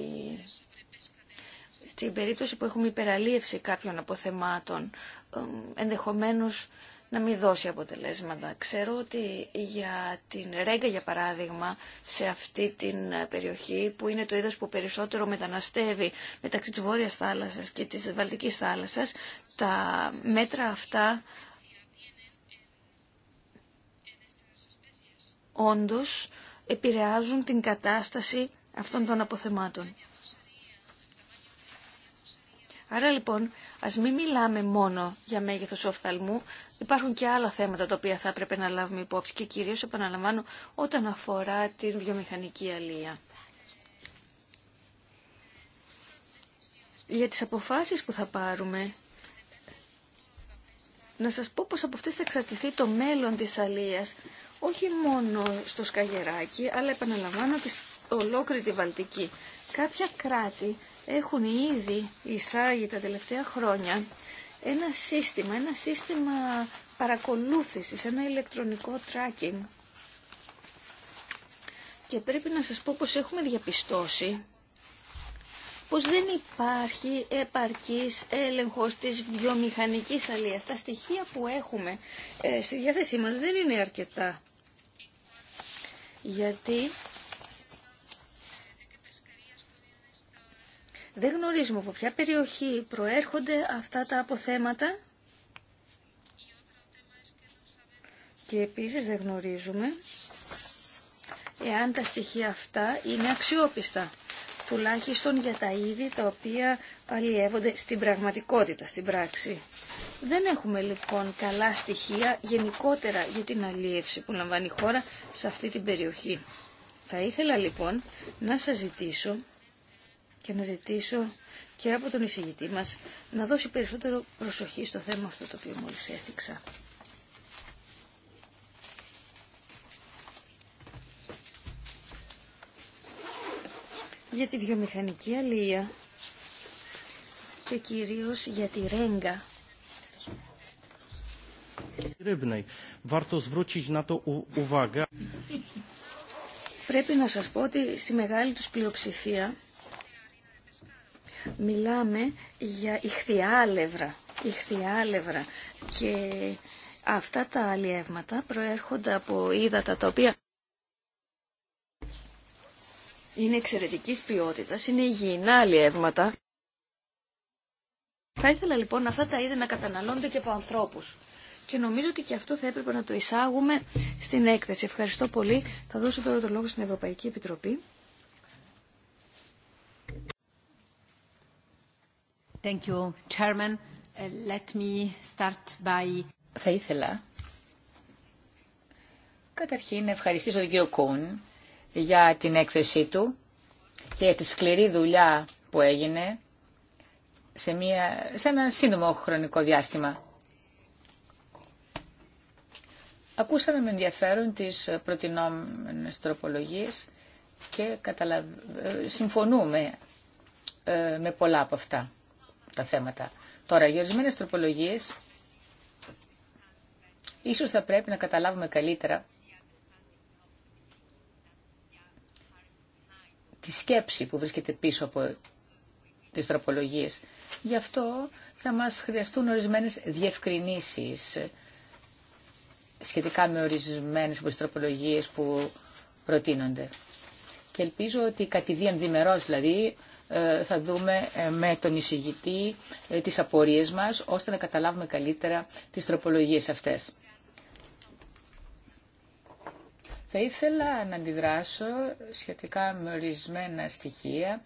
στην περίπτωση που έχουμε υπεραλίευση κάποιων αποθεμάτων, ενδεχομένως να μην δώσει αποτελέσματα. Ξέρω ότι για την Ρέγκα, για παράδειγμα, σε αυτή την περιοχή, που είναι το είδος που περισσότερο μεταναστεύει μεταξύ της Βόρειας Θάλασσας και της Βαλτικής Θάλασσας, τα μέτρα αυτά όντως επηρεάζουν την κατάσταση αυτών των αποθεμάτων. Άρα λοιπόν, ας μην μιλάμε μόνο για μέγεθος οφθαλμού, υπάρχουν και άλλα θέματα τα οποία θα έπρεπε να λάβουμε υπόψη και κυρίως επαναλαμβάνω όταν αφορά την βιομηχανική αλία. Για τις αποφάσεις που θα πάρουμε, να σας πω πως από αυτές θα εξαρτηθεί το μέλλον της αλίας, όχι μόνο στο Σκαγεράκι, αλλά επαναλαμβάνω και ολόκληρη τη Βαλτική. Κάποια κράτη έχουν ήδη εισάγει τα τελευταία χρόνια ένα σύστημα, ένα σύστημα παρακολούθησης, ένα ηλεκτρονικό tracking. Και πρέπει να σας πω πως έχουμε διαπιστώσει πως δεν υπάρχει επαρκής έλεγχος της βιομηχανικής αλίας. Τα στοιχεία που έχουμε ε, στη διάθεσή μας δεν είναι αρκετά. Γιατί δεν γνωρίζουμε από ποια περιοχή προέρχονται αυτά τα αποθέματα και επίσης δεν γνωρίζουμε εάν τα στοιχεία αυτά είναι αξιόπιστα τουλάχιστον για τα είδη τα οποία αλλιεύονται στην πραγματικότητα, στην πράξη. Δεν έχουμε λοιπόν καλά στοιχεία γενικότερα για την αλλιεύση που λαμβάνει η χώρα σε αυτή την περιοχή. Θα ήθελα λοιπόν να σας ζητήσω και να ζητήσω και από τον εισηγητή μας να δώσει περισσότερο προσοχή στο θέμα αυτό το οποίο μόλις έθιξα. για τη βιομηχανική αλληλεία και κυρίως για τη ρέγγα. Πρέπει να σας πω ότι στη μεγάλη τους πλειοψηφία μιλάμε για ηχθιάλευρα, ηχθιάλευρα και αυτά τα αλλιεύματα προέρχονται από ύδατα τα οποία είναι εξαιρετική ποιότητα, είναι υγιεινά αλλιεύματα. Θα ήθελα λοιπόν αυτά τα είδη να καταναλώνται και από ανθρώπου. Και νομίζω ότι και αυτό θα έπρεπε να το εισάγουμε στην έκθεση. Ευχαριστώ πολύ. Θα δώσω τώρα το λόγο στην Ευρωπαϊκή Επιτροπή. Thank you, Chairman. Uh, let me start by... Θα ήθελα καταρχήν να ευχαριστήσω τον κύριο Κούν για την έκθεσή του και τη σκληρή δουλειά που έγινε σε, μια, σε ένα σύντομο χρονικό διάστημα. Ακούσαμε με ενδιαφέρον τις προτινόμενες τροπολογίες και καταλαβα συμφωνούμε ε, με πολλά από αυτά τα θέματα. Τώρα, για ορισμένε τροπολογίες, ίσως θα πρέπει να καταλάβουμε καλύτερα τη σκέψη που βρίσκεται πίσω από τις τροπολογίες. Γι' αυτό θα μας χρειαστούν ορισμένες διευκρινήσεις σχετικά με ορισμένες από τροπολογίες που προτείνονται. Και ελπίζω ότι κατηδίαν διμερός δηλαδή ε, θα δούμε ε, με τον εισηγητή ε, τις απορίες μας ώστε να καταλάβουμε καλύτερα τις τροπολογίες αυτές. Θα ήθελα να αντιδράσω σχετικά με ορισμένα στοιχεία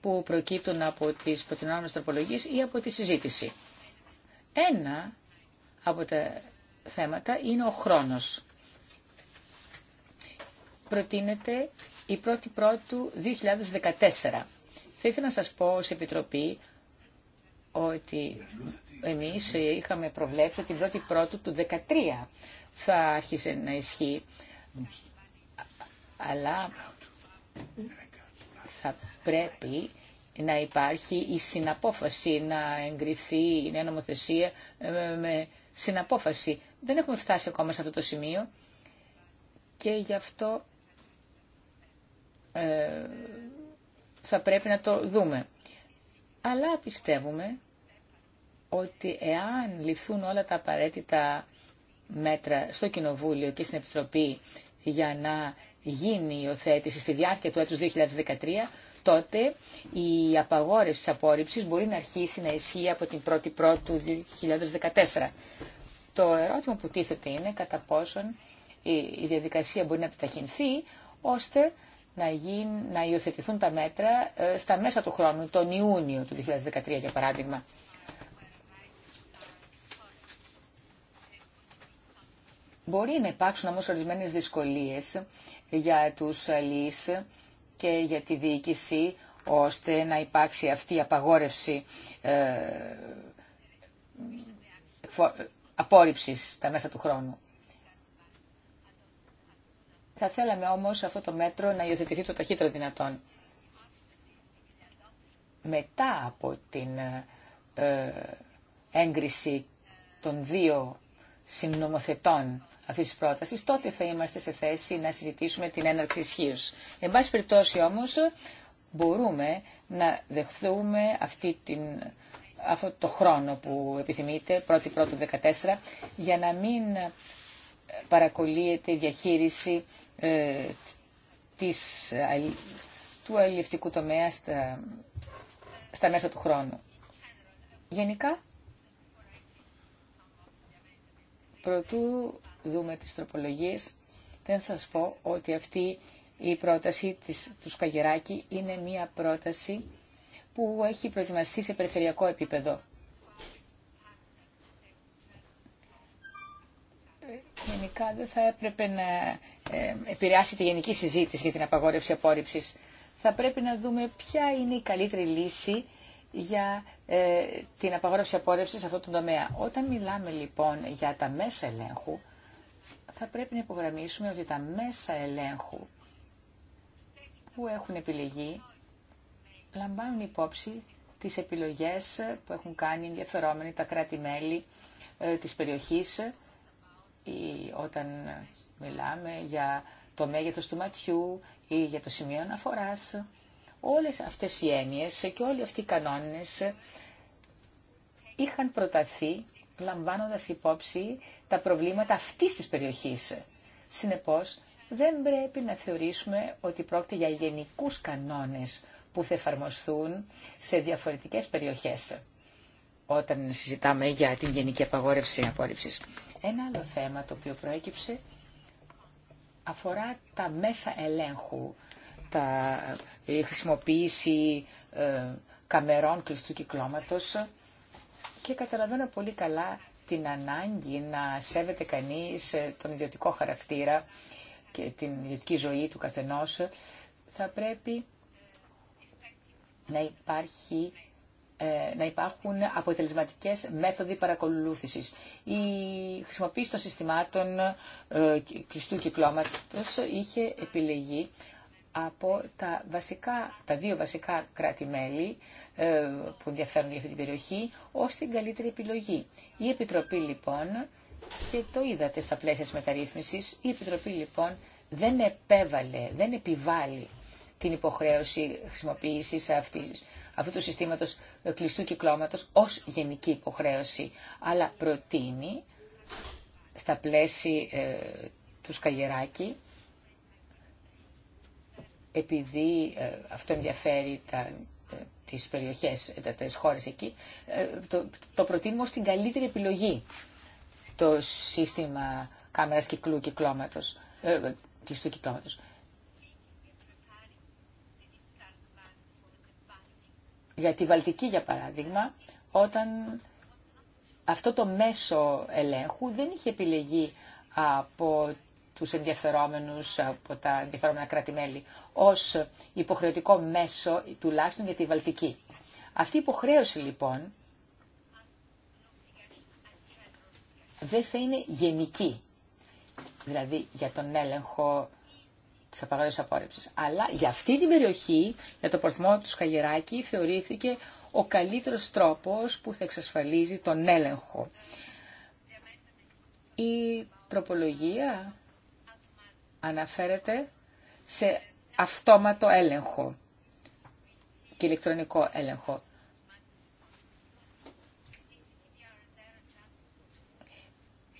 που προκύπτουν από τις προτινόμενες τροπολογίες ή από τη συζήτηση. Ένα από τα θέματα είναι ο χρόνος. Προτείνεται η 1η Πρώτου 2014. Θα ήθελα να σας πω ως Επιτροπή ότι εμείς είχαμε προβλέψει την 1η Πρώτου του 2013 θα άρχισε να ισχύει αλλά θα πρέπει να υπάρχει η συναπόφαση, να εγκριθεί η νέα νομοθεσία ε, με συναπόφαση. Δεν έχουμε φτάσει ακόμα σε αυτό το σημείο και γι' αυτό ε, θα πρέπει να το δούμε. Αλλά πιστεύουμε ότι εάν λυθούν όλα τα απαραίτητα μέτρα στο Κοινοβούλιο και στην Επιτροπή για να γίνει η υιοθέτηση στη διάρκεια του έτους 2013, τότε η απαγόρευση της απόρριψης μπορεί να αρχίσει να ισχύει από την 1η του 2014. Το ερώτημα που τίθεται είναι κατά πόσον η διαδικασία μπορεί να επιταχυνθεί ώστε να, να υιοθετηθούν τα μέτρα ε, στα μέσα του χρόνου, τον Ιούνιο του 2013 για παράδειγμα. Μπορεί να υπάρξουν όμως ορισμένες δυσκολίες για τους αλληλείς και για τη διοίκηση ώστε να υπάρξει αυτή η απαγόρευση ε, απόρριψης τα μέσα του χρόνου. Θα θέλαμε όμως αυτό το μέτρο να υιοθετηθεί το ταχύτερο δυνατόν. Μετά από την ε, έγκριση των δύο συνομοθετών αυτή τη πρόταση, τότε θα είμαστε σε θέση να συζητήσουμε την έναρξη ισχύω. Εν πάση περιπτώσει όμω, μπορούμε να δεχθούμε αυτή την, αυτό το χρόνο που επιθυμείτε, 1η Πρώτου 14, για να μην παρακολύεται η διαχείριση ε, της, ε, του αλληλευτικού τομέα στα μέσα του χρόνου. Γενικά, Προτού δούμε τις τροπολογίες, δεν θα σας πω ότι αυτή η πρόταση της, του Σκαγεράκη είναι μια πρόταση που έχει προετοιμαστεί σε περιφερειακό επίπεδο. Γενικά δεν θα έπρεπε να ε, επηρεάσει τη γενική συζήτηση για την απαγόρευση απόρριψης. Θα πρέπει να δούμε ποια είναι η καλύτερη λύση για ε, την απαγόρευση απόρρευση σε αυτό το τομέα. Όταν μιλάμε λοιπόν για τα μέσα ελέγχου, θα πρέπει να υπογραμμίσουμε ότι τα μέσα ελέγχου που έχουν επιλεγεί λαμβάνουν υπόψη τις επιλογές που έχουν κάνει ενδιαφερόμενοι τα κράτη-μέλη ε, της περιοχής ή όταν μιλάμε για το μέγεθος του ματιού ή για το σημείο αναφοράς Όλες αυτές οι έννοιες και όλοι αυτοί οι κανόνες είχαν προταθεί λαμβάνοντας υπόψη τα προβλήματα αυτής της περιοχής. Συνεπώς, δεν πρέπει να θεωρήσουμε ότι πρόκειται για γενικούς κανόνες που θα εφαρμοστούν σε διαφορετικές περιοχές όταν συζητάμε για την γενική απαγόρευση απόρριψης. Ένα άλλο θέμα το οποίο προέκυψε αφορά τα μέσα ελέγχου, τα η χρησιμοποίηση ε, καμερών κλειστού κυκλώματος και καταλαβαίνω πολύ καλά την ανάγκη να σέβεται κανείς ε, τον ιδιωτικό χαρακτήρα και την ιδιωτική ζωή του καθενός, θα πρέπει να, υπάρχει, ε, να υπάρχουν αποτελεσματικές μέθοδοι παρακολούθησης. Η χρησιμοποίηση των συστημάτων κλειστού κυκλώματος είχε επιλεγεί από τα, βασικά, τα δύο βασικά κράτη-μέλη ε, που ενδιαφέρουν για αυτή την περιοχή ως την καλύτερη επιλογή. Η Επιτροπή λοιπόν, και το είδατε στα πλαίσια της μεταρρύθμισης, η Επιτροπή λοιπόν δεν επέβαλε, δεν επιβάλλει την υποχρέωση χρησιμοποίησης αυτού του συστήματος κλειστού κυκλώματος ως γενική υποχρέωση, αλλά προτείνει στα πλαίσια ε, του Σκαγεράκη επειδή ε, αυτό ενδιαφέρει τα, ε, τις περιοχές, ε, τα, τις χώρες εκεί, το, το προτείνουμε ως την καλύτερη επιλογή το σύστημα κάμερας κυκλού κυκλώματος, ε, κλειστού κυκλώματος. Για τη Βαλτική, για παράδειγμα, όταν αυτό το μέσο ελέγχου δεν είχε επιλεγεί από τους ενδιαφερόμενους από τα ενδιαφερόμενα κράτη-μέλη ως υποχρεωτικό μέσο τουλάχιστον για τη Βαλτική. Αυτή η υποχρέωση λοιπόν δεν θα είναι γενική, δηλαδή για τον έλεγχο τη απαγόρευση απόρριψη. Αλλά για αυτή την περιοχή, για το πορθμό του Σκαγεράκη, θεωρήθηκε ο καλύτερο τρόπος που θα εξασφαλίζει τον έλεγχο. Η τροπολογία αναφέρεται σε αυτόματο έλεγχο και ηλεκτρονικό έλεγχο.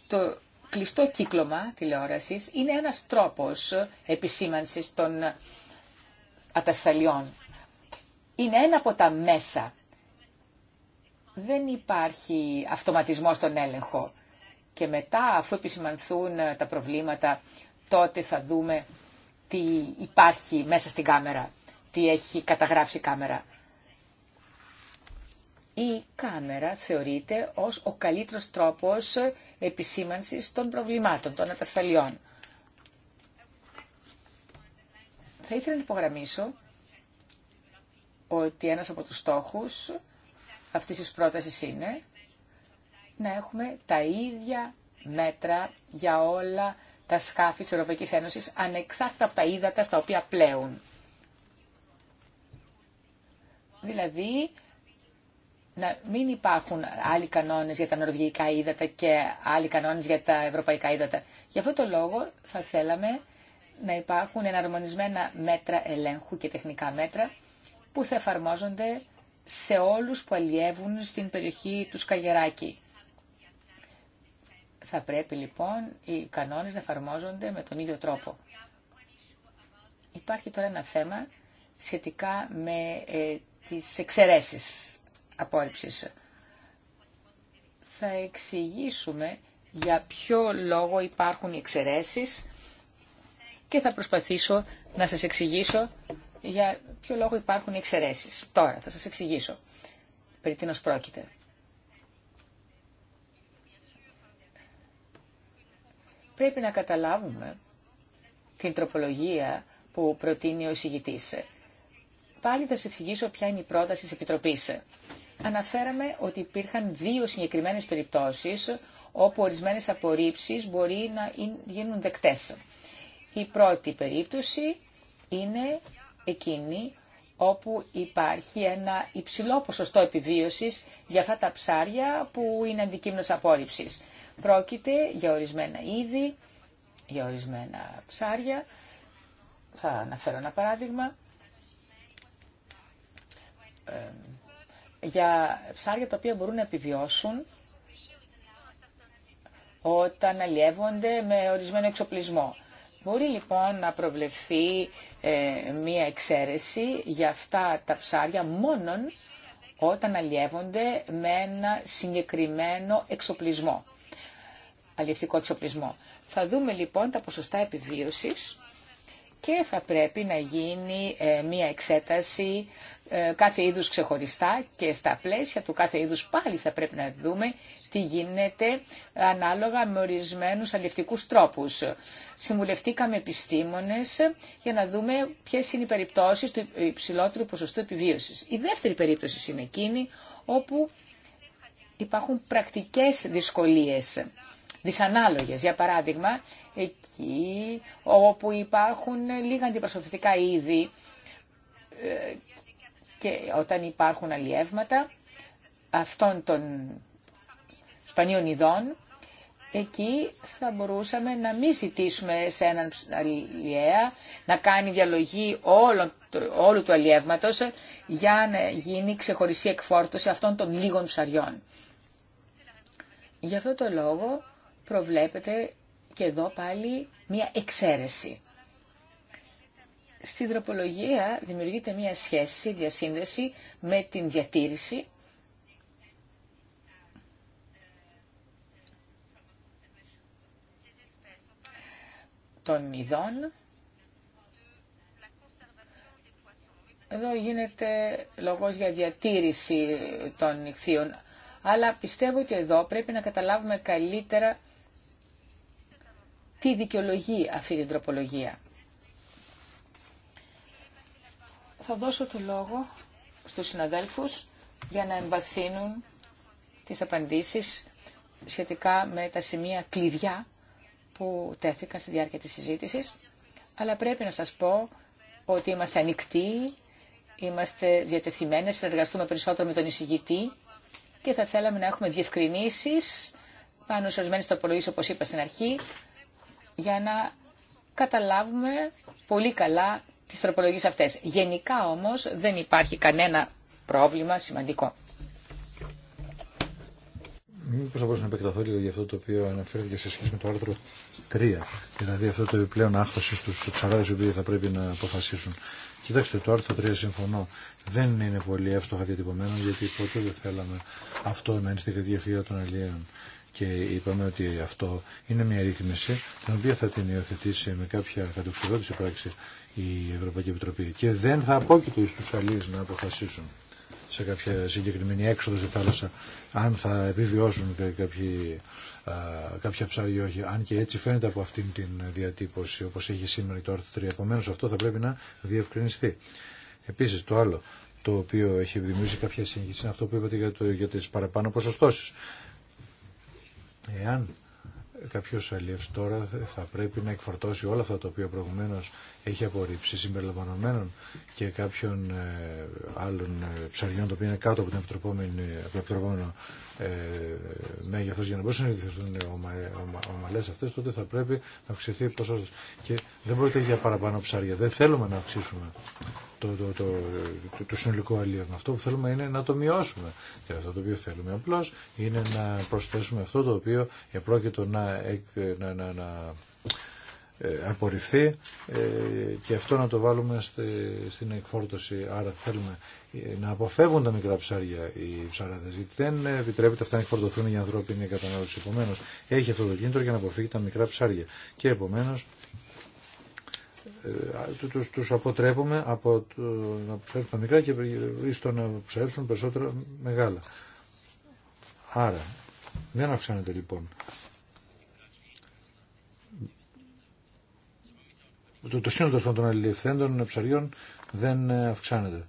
Το κλειστό κύκλωμα τηλεόρασης είναι ένας τρόπος επισήμανσης των ατασταλιών. Είναι ένα από τα μέσα. Δεν υπάρχει αυτοματισμός στον έλεγχο. Και μετά, αφού επισημανθούν τα προβλήματα τότε θα δούμε τι υπάρχει μέσα στην κάμερα, τι έχει καταγράψει η κάμερα. Η κάμερα θεωρείται ως ο καλύτερος τρόπος επισήμανσης των προβλημάτων, των ατασταλιών. Θα ήθελα να υπογραμμίσω ότι ένας από τους στόχους αυτής της πρότασης είναι να έχουμε τα ίδια μέτρα για όλα τα σκάφη της Ευρωπαϊκής Ένωσης ανεξάρτητα από τα ύδατα στα οποία πλέουν. Δηλαδή, να μην υπάρχουν άλλοι κανόνες για τα νορβηγικά ύδατα και άλλοι κανόνες για τα ευρωπαϊκά ύδατα. Γι' αυτό το λόγο θα θέλαμε να υπάρχουν εναρμονισμένα μέτρα ελέγχου και τεχνικά μέτρα που θα εφαρμόζονται σε όλους που αλλιεύουν στην περιοχή του Σκαγεράκη. Θα πρέπει λοιπόν οι κανόνες να εφαρμόζονται με τον ίδιο τρόπο. Υπάρχει τώρα ένα θέμα σχετικά με ε, τις εξαιρέσεις απόρριψης. Θα εξηγήσουμε για ποιο λόγο υπάρχουν οι εξαιρέσεις και θα προσπαθήσω να σας εξηγήσω για ποιο λόγο υπάρχουν οι εξαιρέσεις. Τώρα θα σας εξηγήσω περί τίνος πρόκειται. πρέπει να καταλάβουμε την τροπολογία που προτείνει ο εισηγητής. Πάλι θα σα εξηγήσω ποια είναι η πρόταση της Επιτροπής. Αναφέραμε ότι υπήρχαν δύο συγκεκριμένες περιπτώσεις όπου ορισμένες απορρίψεις μπορεί να γίνουν δεκτές. Η πρώτη περίπτωση είναι εκείνη όπου υπάρχει ένα υψηλό ποσοστό επιβίωσης για αυτά τα ψάρια που είναι αντικείμενος απόρριψης. Πρόκειται για ορισμένα είδη, για ορισμένα ψάρια. Θα αναφέρω ένα παράδειγμα. για ψάρια τα οποία μπορούν να επιβιώσουν όταν αλλιεύονται με ορισμένο εξοπλισμό. Μπορεί λοιπόν να προβλεφθεί ε, μία εξαίρεση για αυτά τα ψάρια μόνον όταν αλλιεύονται με ένα συγκεκριμένο εξοπλισμό αλληλευτικό εξοπλισμό. Θα δούμε λοιπόν τα ποσοστά επιβίωσης και θα πρέπει να γίνει ε, μία εξέταση ε, κάθε είδους ξεχωριστά και στα πλαίσια του κάθε είδους πάλι θα πρέπει να δούμε τι γίνεται ανάλογα με ορισμένους αλληλευτικούς τρόπους. Συμβουλευτήκαμε επιστήμονες για να δούμε ποιες είναι οι περιπτώσεις του υψηλότερου ποσοστού επιβίωσης. Η δεύτερη περίπτωση είναι εκείνη όπου υπάρχουν πρακτικές δυσκολίες δυσανάλογες. Για παράδειγμα, εκεί όπου υπάρχουν λίγα αντιπροσωπευτικά είδη ε, και όταν υπάρχουν αλλιεύματα αυτών των σπανίων ειδών, εκεί θα μπορούσαμε να μην ζητήσουμε σε έναν αλλιέα να κάνει διαλογή όλων, όλου του αλλιεύματος για να γίνει ξεχωριστή εκφόρτωση αυτών των λίγων ψαριών. Γι' αυτό το λόγο προβλέπεται και εδώ πάλι μια εξαίρεση. Στην τροπολογία δημιουργείται μια σχέση, διασύνδεση με την διατήρηση των ειδών. Εδώ γίνεται λόγος για διατήρηση των ηχθείων, αλλά πιστεύω ότι εδώ πρέπει να καταλάβουμε καλύτερα τι δικαιολογεί αυτή την τροπολογία. Θα δώσω το λόγο στους συναδέλφους για να εμβαθύνουν τις απαντήσεις σχετικά με τα σημεία κλειδιά που τέθηκαν στη διάρκεια της συζήτησης. Αλλά πρέπει να σας πω ότι είμαστε ανοιχτοί, είμαστε διατεθειμένες, συνεργαστούμε περισσότερο με τον εισηγητή και θα θέλαμε να έχουμε διευκρινήσεις πάνω σε ορισμένε τοπολογίες, όπως είπα στην αρχή, για να καταλάβουμε πολύ καλά τις τροπολογίες αυτές. Γενικά όμως δεν υπάρχει κανένα πρόβλημα σημαντικό. Μήπως θα μπορούσα να επεκταθώ λίγο για αυτό το οποίο αναφέρθηκε σε σχέση με το άρθρο 3, δηλαδή αυτό το επιπλέον άφθαση στου ψαράδε οι οποίοι θα πρέπει να αποφασίσουν. Κοιτάξτε, το άρθρο 3 συμφωνώ. Δεν είναι πολύ εύστοχα διατυπωμένο γιατί ποτέ δεν θέλαμε αυτό να είναι στην κριτική των αλλιέων και είπαμε ότι αυτό είναι μια ρύθμιση την οποία θα την υιοθετήσει με κάποια κατοξιδότηση πράξη η Ευρωπαϊκή Επιτροπή και δεν θα απόκειται στους αλλήλους να αποφασίσουν σε κάποια συγκεκριμένη έξοδο στη θάλασσα αν θα επιβιώσουν κάποιοι, α, κάποια ψάρια ή όχι. Αν και έτσι φαίνεται από αυτήν την διατύπωση όπως έχει σήμερα το άρθρο 3. Επομένως αυτό θα πρέπει να διευκρινιστεί. Επίσης το άλλο το οποίο έχει δημιουργήσει κάποια σύγχυση είναι αυτό που είπατε για, το, για τις παραπάνω ποσοστώσεις. Εάν κάποιο αλλιεύσει τώρα θα πρέπει να εκφορτώσει όλα αυτά τα οποία προηγουμένω έχει απορρίψει συμπεριλαμβανομένων και κάποιων ε, άλλων ε, ψαριών τα οποία είναι κάτω από, την από το ε, μέγεθος για να μπορούσαν να διευθυνθούν ομα, αυτέ, αυτές τότε θα πρέπει να αυξηθεί η ποσότητα και δεν πρόκειται για παραπάνω ψάρια δεν θέλουμε να αυξήσουμε το, το, το, το, το συνολικό αλλίευμα. Αυτό που θέλουμε είναι να το μειώσουμε. Και αυτό το οποίο θέλουμε απλώ είναι να προσθέσουμε αυτό το οποίο επρόκειτο να, να, να, να ε, απορριφθεί ε, και αυτό να το βάλουμε στην εκφόρτωση. Άρα θέλουμε ε, να αποφεύγουν τα μικρά ψάρια οι ψαράδες, γιατί δεν επιτρέπεται αυτά να εκφορτωθούν για ανθρώπινη κατανάλωση. Επομένω, έχει αυτό το κίνητρο για να αποφύγει τα μικρά ψάρια. Και επομένω. Ε, τους, αποτρέπουμε από το να ψαρέψουν τα μικρά και στο να ψαρέψουν περισσότερα μεγάλα. Άρα, δεν αυξάνεται λοιπόν. Το, το σύνολο των αλληλευθέντων ψαριών δεν ε, αυξάνεται.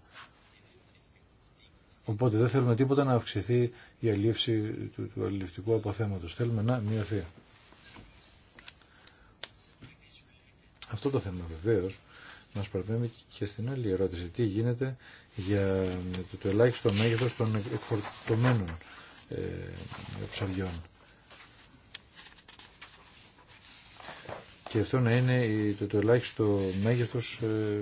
Οπότε δεν θέλουμε τίποτα να αυξηθεί η αλλήλευση του, του αλληλευτικού αποθέματος. Θέλουμε να μειωθεί. Αυτό το θέμα βεβαίω μας παραπέμπει και στην άλλη ερώτηση. Τι γίνεται για το, το ελάχιστο μέγεθος των εκφορτωμένων ε, ψαριών. Και αυτό να είναι το, το ελάχιστο μέγεθος ε,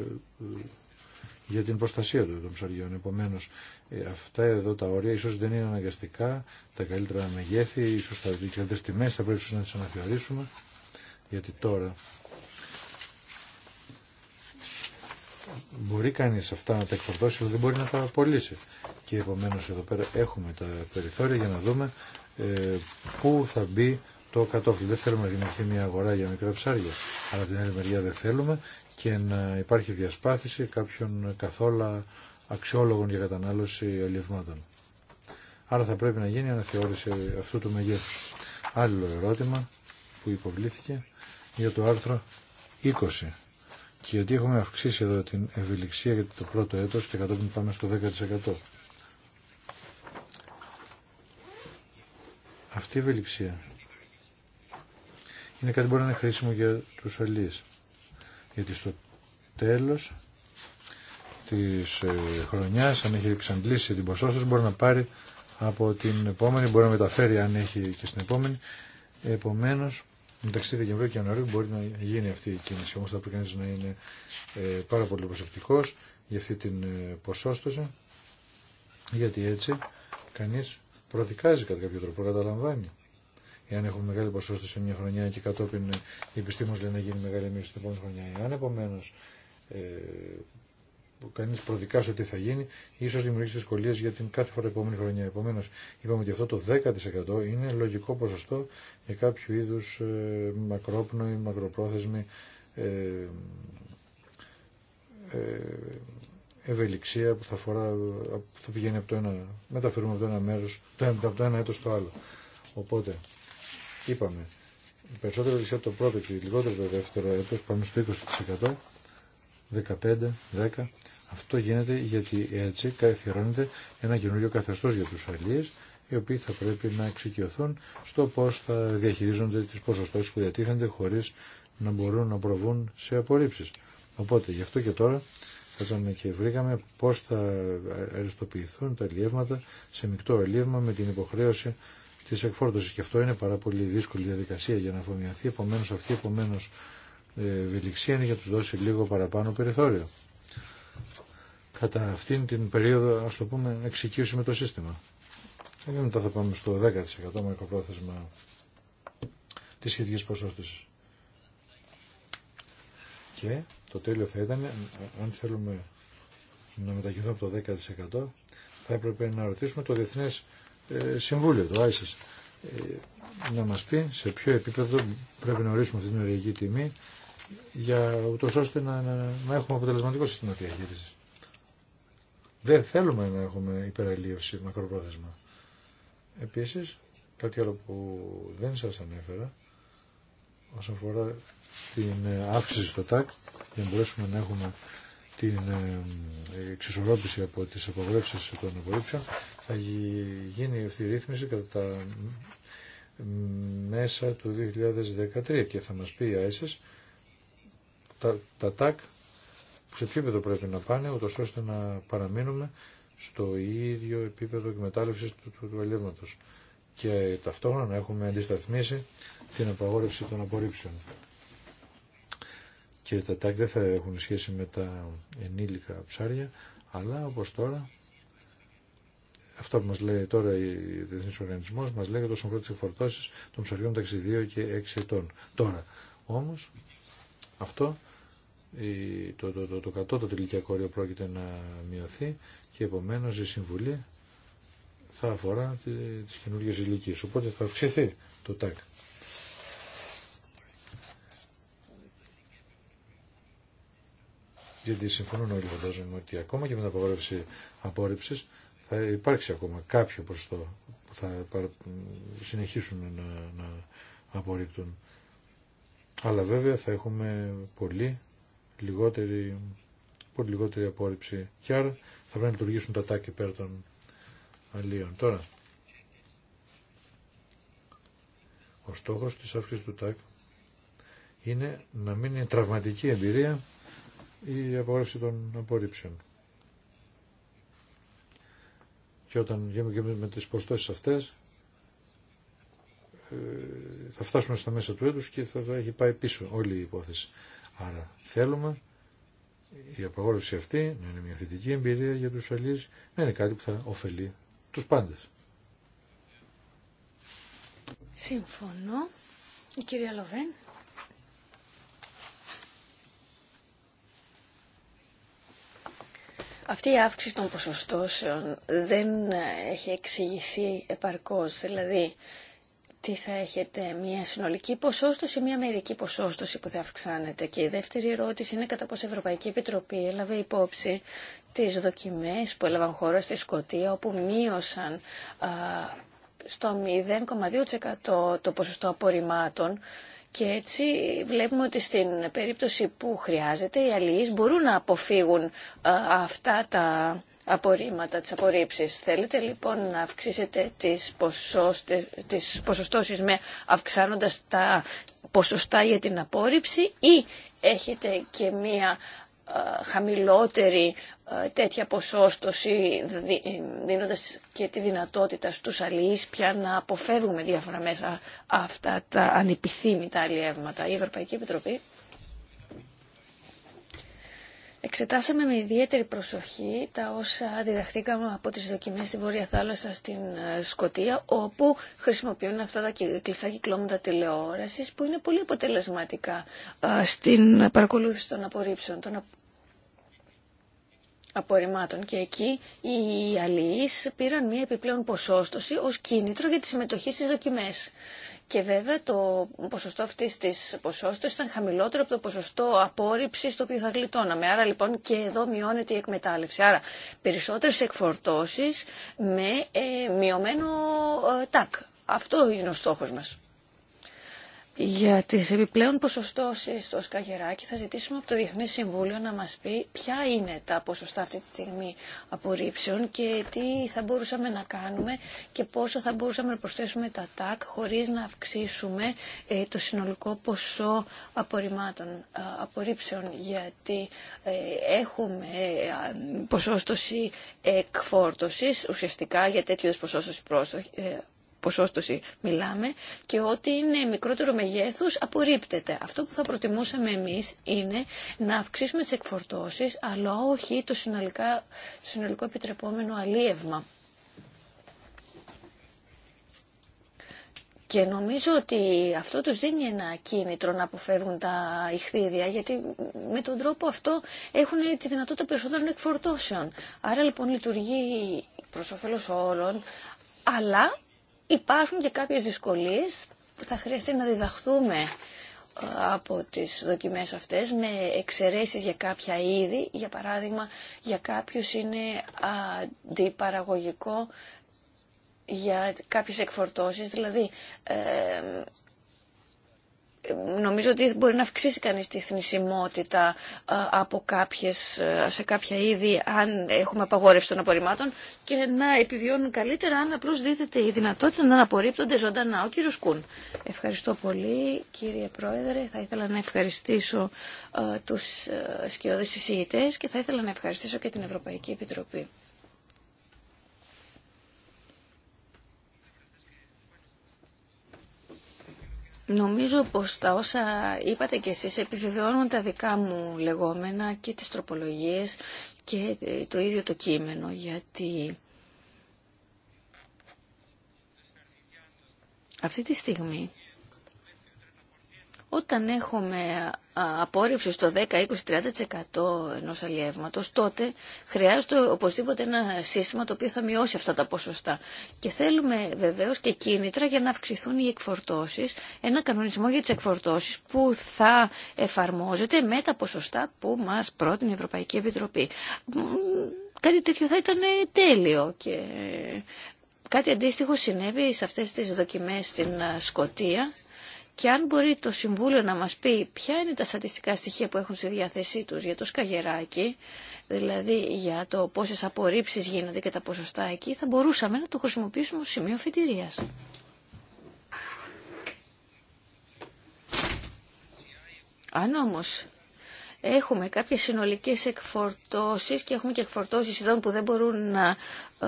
για την προστασία των ψαριών. Επομένως, ε, αυτά εδώ τα όρια ίσως δεν είναι αναγκαστικά τα καλύτερα μεγέθη, ίσως τα καλύτερες τιμές θα πρέπει να τις αναθεωρήσουμε, γιατί τώρα μπορεί κανείς αυτά να τα εκφορτώσει, αλλά δεν μπορεί να τα απολύσει. Και επομένως εδώ πέρα έχουμε τα περιθώρια για να δούμε ε, πού θα μπει το κατόφλι. Δεν θέλουμε να δημιουργηθεί μια αγορά για μικρά ψάρια, αλλά την άλλη μεριά δεν θέλουμε και να υπάρχει διασπάθηση κάποιων καθόλου αξιόλογων για κατανάλωση αλληλευμάτων. Άρα θα πρέπει να γίνει αναθεώρηση αυτού του μεγέθου. Άλλο ερώτημα που υποβλήθηκε για το άρθρο 20 και γιατί έχουμε αυξήσει εδώ την ευελιξία για το πρώτο έτος και κατόπιν πάμε στο 10%. Αυτή η ευελιξία είναι κάτι που μπορεί να είναι χρήσιμο για τους αλληλείς. Γιατί στο τέλος της ε, χρονιάς, αν έχει εξαντλήσει την ποσότητα, μπορεί να πάρει από την επόμενη, μπορεί να μεταφέρει αν έχει και στην επόμενη. Επομένως, μεταξύ Δεκεμβρίου και Ιανουαρίου μπορεί να γίνει αυτή η κίνηση. Όμω θα πρέπει κανεί να είναι ε, πάρα πολύ προσεκτικό για αυτή την ε, ποσόστοση, γιατί έτσι κανείς προδικάζει κατά κάποιο τρόπο, καταλαμβάνει. Εάν έχουμε μεγάλη ποσόστοση σε μια χρονιά και κατόπιν ε, οι επιστήμονε λένε να γίνει μεγάλη μείωση την επόμενη χρονιά. Εάν επομένω ε, κανεί προδικάσει ότι θα γίνει, ίσω δημιουργήσει δυσκολίε για την κάθε φορά επόμενη χρονιά. Επομένω, είπαμε ότι αυτό το 10% είναι λογικό ποσοστό για κάποιο είδου ε, μακρόπνοη, μακροπρόθεσμη ε, ε, ευελιξία που θα, φορά, θα πηγαίνει από το ένα, μεταφέρουμε από το ένα μέρος, το, από το ένα έτος στο άλλο. Οπότε, είπαμε, περισσότερο ευελιξία από το πρώτο και λιγότερο το δεύτερο έτος, πάμε στο 20%. 15, 10. Αυτό γίνεται γιατί έτσι καθιερώνεται ένα καινούριο καθεστώς για τους αλλιείς οι οποίοι θα πρέπει να εξοικειωθούν στο πώς θα διαχειρίζονται τις ποσοστώσεις που διατίθενται χωρίς να μπορούν να προβούν σε απορρίψεις. Οπότε γι' αυτό και τώρα κάτσαμε και βρήκαμε πώς θα αριστοποιηθούν τα αλλιεύματα σε μεικτό αλλιεύμα με την υποχρέωση της εκφόρτωσης. Και αυτό είναι πάρα πολύ δύσκολη διαδικασία για να αφομοιωθεί. Επομένως αυτή επομένως ευελιξία είναι για να του δώσει λίγο παραπάνω περιθώριο. Κατά αυτήν την περίοδο, ας το πούμε, εξοικείωση με το σύστημα. Και ε, μετά θα πάμε στο 10% με μακροπρόθεσμα της σχετικής ποσότητας. Και το τέλειο θα ήταν, αν θέλουμε να μετακινηθούμε από το 10%, θα έπρεπε να ρωτήσουμε το Διεθνές ε, Συμβούλιο, το ISIS, ε, να μας πει σε ποιο επίπεδο πρέπει να ορίσουμε αυτή την ενεργειακή τιμή για ούτως ώστε να, έχουμε αποτελεσματικό σύστημα διαχείριση. Δεν θέλουμε να έχουμε υπεραλίωση μακροπρόθεσμα. Επίσης, κάτι άλλο που δεν σας ανέφερα, όσον αφορά την ε, αύξηση στο ΤΑΚ, για να μπορέσουμε να έχουμε την ε, εξισορρόπηση από τις απογρέψεις των απορρίψεων, θα γίνει αυτή η ρύθμιση κατά τα μέσα του 2013 και θα μας πει η ΆΕΣΕΣ τα, τα ΤΑΚ σε ποιο επίπεδο πρέπει να πάνε, ούτως ώστε να παραμείνουμε στο ίδιο επίπεδο εκμετάλλευση του, του, του Και ταυτόχρονα να έχουμε αντισταθμίσει την απαγόρευση των απορρίψεων. Και τα ΤΑΚ δεν θα έχουν σχέση με τα ενήλικα ψάρια, αλλά όπω τώρα, αυτό που μας λέει τώρα η διεθνή οργανισμό, μας λέει ότι το σωμβρό των ψαριών ταξιδίων και 6 ετών. Τώρα, όμω, αυτό το, το, το, το κατώτατο ηλικιακό πρόκειται να μειωθεί και επομένως η Συμβουλή θα αφορά τις καινούργιες ηλικίες. Οπότε θα αυξηθεί το ΤΑΚ. Γιατί συμφωνούν όλοι φαντάζομαι ότι ακόμα και με την απαγόρευση απόρριψης θα υπάρξει ακόμα κάποιο ποσοστό που θα συνεχίσουν να, να απορρίπτουν. Αλλά βέβαια θα έχουμε πολύ λιγότερη, πολύ λιγότερη απόρριψη και άρα θα πρέπει να λειτουργήσουν τα τάκη πέρα των αλλίων. Τώρα, ο στόχος της αύξησης του τάκ είναι να μην είναι τραυματική εμπειρία η απόρριψη των απορρίψεων. Και όταν γίνουμε και με τις προστώσεις αυτές, ε, θα φτάσουμε στα μέσα του έτους και θα έχει πάει πίσω όλη η υπόθεση. Άρα θέλουμε η απαγόρευση αυτή να είναι μια θετική εμπειρία για τους αλληλείς, να είναι κάτι που θα ωφελεί τους πάντες. Συμφωνώ. Η κυρία Λοβέν. Αυτή η αύξηση των ποσοστώσεων δεν έχει εξηγηθεί επαρκώς. Δηλαδή, τι θα έχετε, μια συνολική ποσόστοση μια μερική ποσόστοση που θα αυξάνεται. Και η δεύτερη ερώτηση είναι κατά πόσο η Ευρωπαϊκή Επιτροπή έλαβε υπόψη τις δοκιμές που έλαβαν χώρα στη Σκωτία, όπου μείωσαν α, στο 0,2% το ποσοστό απορριμμάτων και έτσι βλέπουμε ότι στην περίπτωση που χρειάζεται οι αλληλείς μπορούν να αποφύγουν αυτά τα απορρίμματα, τις απορρίψεις. Θέλετε λοιπόν να αυξήσετε τις, ποσοστε, τις ποσοστώσεις με αυξάνοντας τα ποσοστά για την απόρριψη ή έχετε και μία χαμηλότερη τέτοια ποσόστοση δίνοντας και τη δυνατότητα στους αλληλείς πια να αποφεύγουμε διάφορα μέσα αυτά τα ανεπιθύμητα αλληλεύματα. Η Ευρωπαϊκή Επιτροπή Εξετάσαμε με ιδιαίτερη προσοχή τα όσα διδαχτήκαμε από τις δοκιμές στη Βόρεια Θάλασσα στην ε, Σκοτία, όπου χρησιμοποιούν αυτά τα κλειστά κυκλώματα τηλεόρασης, που είναι πολύ αποτελεσματικά στην παρακολούθηση των απορρίψεων, των απορριμμάτων. Και εκεί οι αλληλείς πήραν μια επιπλέον ποσόστοση ως κίνητρο για τη συμμετοχή στις δοκιμές. Και βέβαια το ποσοστό αυτή τη ποσότητα ήταν χαμηλότερο από το ποσοστό απόρριψη το οποίο θα γλιτώναμε. Άρα λοιπόν και εδώ μειώνεται η εκμετάλλευση. Άρα περισσότερε εκφορτώσει με ε, μειωμένο ε, τάκ. Αυτό είναι ο στόχο μα. Για τι επιπλέον ποσοστώσει στο Σκαγεράκι θα ζητήσουμε από το Διεθνές Συμβούλιο να μα πει ποια είναι τα ποσοστά αυτή τη στιγμή απορρίψεων και τι θα μπορούσαμε να κάνουμε και πόσο θα μπορούσαμε να προσθέσουμε τα ΤΑΚ χωρίς να αυξήσουμε ε, το συνολικό ποσό απορριμμάτων, ε, απορρίψεων γιατί ε, έχουμε ποσόστοση εκφόρτωση, ουσιαστικά για τέτοιου ποσόστοση ποσόστοση μιλάμε και ό,τι είναι μικρότερο μεγέθους απορρίπτεται. Αυτό που θα προτιμούσαμε εμείς είναι να αυξήσουμε τις εκφορτώσεις αλλά όχι το συνολικά, συνολικό επιτρεπόμενο αλίευμα. Και νομίζω ότι αυτό τους δίνει ένα κίνητρο να αποφεύγουν τα ηχθίδια, γιατί με τον τρόπο αυτό έχουν τη δυνατότητα περισσότερων εκφορτώσεων. Άρα λοιπόν λειτουργεί προς όφελος όλων, αλλά Υπάρχουν και κάποιες δυσκολίες που θα χρειαστεί να διδαχθούμε ε, από τις δοκιμές αυτές με εξαιρέσεις για κάποια είδη, για παράδειγμα για κάποιους είναι αντιπαραγωγικό για κάποιες εκφορτώσεις, δηλαδή ε, νομίζω ότι μπορεί να αυξήσει κανείς τη θνησιμότητα ε, από κάποιες, ε, σε κάποια είδη αν έχουμε απαγόρευση των απορριμμάτων και να επιβιώνουν καλύτερα αν απλώ δίδεται η δυνατότητα να απορρίπτονται ζωντανά. Ο κύριος Κούν. Ευχαριστώ πολύ κύριε Πρόεδρε. Θα ήθελα να ευχαριστήσω ε, τους σκιώδες εισηγητές και θα ήθελα να ευχαριστήσω και την Ευρωπαϊκή Επιτροπή. Νομίζω πως τα όσα είπατε και εσείς επιβεβαιώνουν τα δικά μου λεγόμενα και τις τροπολογίες και ε, το ίδιο το κείμενο γιατί αυτή τη στιγμή όταν έχουμε απόρριψη στο 10, 20, 30% ενός τότε τότε χρειάζεται οπωσδήποτε ένα σύστημα το οποίο θα μειώσει αυτά τα ποσοστά. Και θέλουμε βεβαίως και κίνητρα για να αυξηθούν οι εκφορτώσει, ένα κανονισμό για τις εκφορτώσει που θα εφαρμόζεται με τα ποσοστά που μας πρότεινε η Ευρωπαϊκή Επιτροπή. Κάτι τέτοιο θα ήταν τέλειο και κάτι αντίστοιχο συνέβη σε αυτές τις δοκιμές στην Σκοτία και αν μπορεί το Συμβούλιο να μας πει ποια είναι τα στατιστικά στοιχεία που έχουν στη διάθεσή τους για το σκαγεράκι, δηλαδή για το πόσες απορρίψεις γίνονται και τα ποσοστά εκεί, θα μπορούσαμε να το χρησιμοποιήσουμε ως σημείο φοιτηρίας. Αν όμως έχουμε κάποιες συνολικές εκφορτώσεις και έχουμε και εκφορτώσεις ειδών που δεν μπορούν να ε,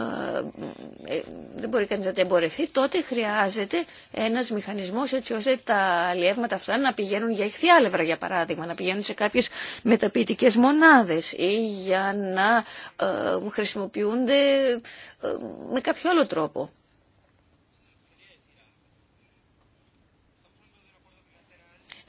ε, δεν μπορεί κανείς να τα εμπορευτεί, τότε χρειάζεται ένας μηχανισμός έτσι ώστε τα αλλιεύματα αυτά να πηγαίνουν για ηχθιάλευρα για παράδειγμα, να πηγαίνουν σε κάποιες μεταποιητικές μονάδες ή για να ε, χρησιμοποιούνται με κάποιο άλλο τρόπο.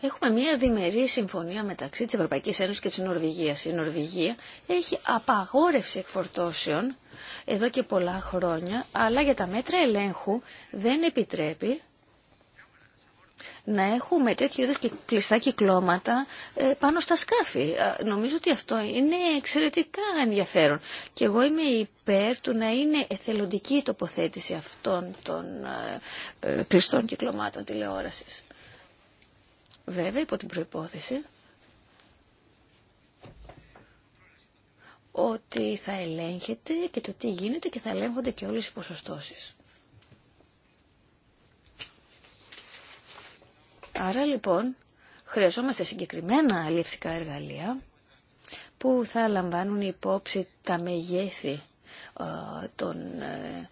Έχουμε μια διμερή συμφωνία μεταξύ της Ευρωπαϊκής Ένωσης και της Νορβηγίας. Η Νορβηγία έχει απαγόρευση εκφορτώσεων εδώ και πολλά χρόνια, αλλά για τα μέτρα ελέγχου δεν επιτρέπει να έχουμε τέτοιου είδους κλειστά κυκλώματα ε, πάνω στα σκάφη. Νομίζω ότι αυτό είναι εξαιρετικά ενδιαφέρον. Και εγώ είμαι υπέρ του να είναι εθελοντική η τοποθέτηση αυτών των ε, ε, κλειστών κυκλωμάτων τηλεόρασης. Βέβαια υπό την προϋπόθεση ότι θα ελέγχεται και το τι γίνεται και θα ελέγχονται και όλες οι ποσοστώσεις. Άρα λοιπόν χρειαζόμαστε συγκεκριμένα αλληλευτικά εργαλεία που θα λαμβάνουν υπόψη τα μεγέθη ε, των ε,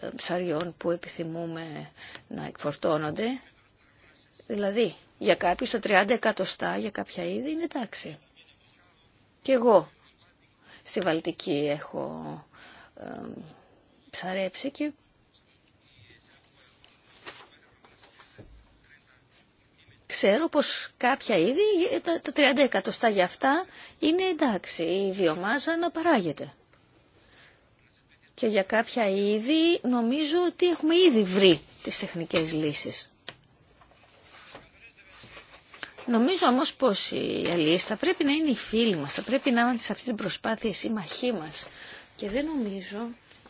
ε, ψαριών που επιθυμούμε να εκφορτώνονται. Δηλαδή, για κάποιους τα 30 εκατοστά, για κάποια είδη είναι τάξη. Και εγώ στη Βαλτική έχω ε, ψαρέψει και ξέρω πως κάποια είδη, ε, τα 30 εκατοστά για αυτά είναι εντάξει, η βιομάζα να παράγεται. Και για κάποια είδη νομίζω ότι έχουμε ήδη βρει τις τεχνικές λύσεις. Νομίζω όμως πως η αλληλείς θα πρέπει να είναι η φίλη μας, θα πρέπει να είμαστε σε αυτή την προσπάθεια η συμμαχή μας. Και δεν νομίζω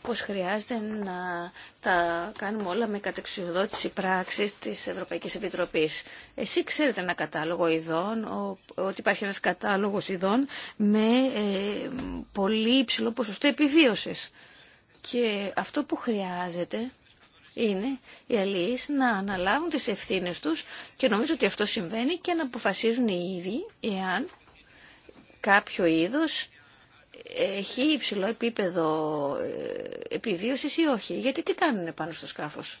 πως χρειάζεται να τα κάνουμε όλα με κατεξουδότηση πράξης της Ευρωπαϊκής Επιτροπής. Εσύ ξέρετε ένα κατάλογο ειδών, ότι υπάρχει ένας κατάλογος ειδών με ε, πολύ υψηλό ποσοστό επιβίωσης. Και αυτό που χρειάζεται είναι οι αλληλείς να αναλάβουν τις ευθύνες τους και νομίζω ότι αυτό συμβαίνει και να αποφασίζουν οι ίδιοι εάν κάποιο είδος έχει υψηλό επίπεδο ε, επιβίωσης ή όχι. Γιατί τι κάνουν πάνω στο σκάφος.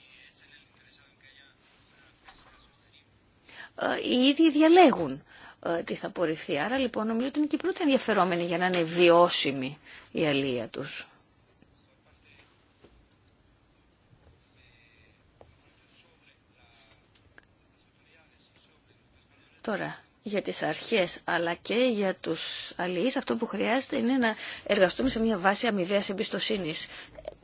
Ε, οι ίδιοι διαλέγουν ε, τι θα απορριφθεί. Άρα λοιπόν νομίζω ότι είναι και οι πρώτοι ενδιαφερόμενοι για να είναι βιώσιμη η αλία τους. Τώρα, για τις αρχές αλλά και για τους αλληλείς αυτό που χρειάζεται είναι να εργαστούμε σε μια βάση αμοιβαίας εμπιστοσύνης.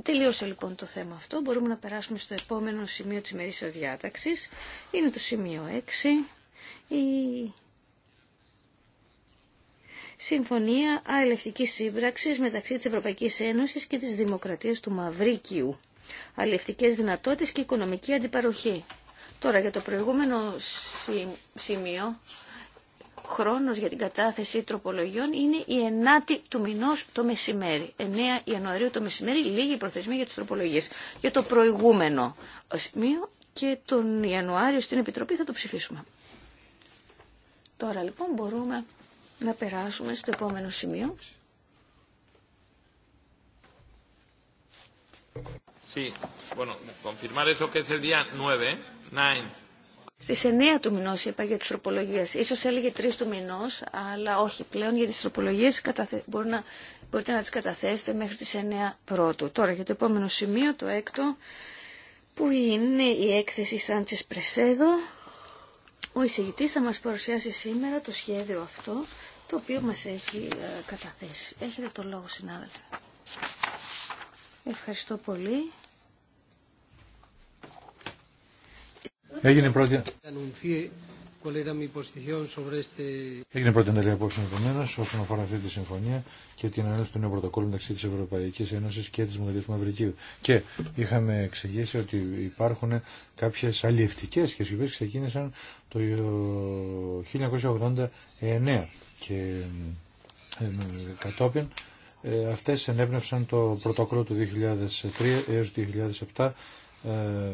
Τελείωσε λοιπόν το θέμα αυτό. Μπορούμε να περάσουμε στο επόμενο σημείο της ημερήσιας διάταξης. Είναι το σημείο 6. Η... Συμφωνία Αλληλευτικής Σύμπραξης μεταξύ της Ευρωπαϊκής Ένωσης και της Δημοκρατίας του Μαυρίκιου. Αλληλευτικές δυνατότητες και οικονομική αντιπαροχή. Τώρα για το προηγούμενο σημείο, χρόνος για την κατάθεση τροπολογιών είναι η 9η του μηνός το μεσημέρι. 9 Ιανουαρίου το μεσημέρι λίγη προθεσμία για τις τροπολογίες. Για το προηγούμενο σημείο και τον Ιανουάριο στην Επιτροπή θα το ψηφίσουμε. Τώρα λοιπόν μπορούμε να περάσουμε στο επόμενο σημείο. Sí, bueno, confirmar eso que es Στι 9 του μηνό είπα για τι τροπολογίε. σω έλεγε 3 του μηνό, αλλά όχι πλέον για τι τροπολογίε μπορεί να, μπορείτε να τι καταθέσετε μέχρι τι 9 πρώτου. Τώρα για το επόμενο σημείο, το έκτο, που είναι η έκθεση Σάντσε Πρεσέδο. Ο εισηγητή θα μα παρουσιάσει σήμερα το σχέδιο αυτό, το οποίο μα έχει ε, καταθέσει. Έχετε το λόγο, συνάδελφε. Ευχαριστώ πολύ. Έγινε πρώτη. Έγινε πρώτη ανταλλαγή απόψεων επομένω όσον αφορά αυτή τη συμφωνία και την ανάλυση του νέου πρωτοκόλλου μεταξύ τη Ευρωπαϊκή Ένωση και τη Δημοκρατία Μαυρικίου. Και είχαμε εξηγήσει ότι υπάρχουν κάποιε αλλιευτικέ και που ξεκίνησαν το 1989 και ε, κατόπιν ε, αυτές ενέπνευσαν το πρωτόκολλο του 2003 έως 2007 ε,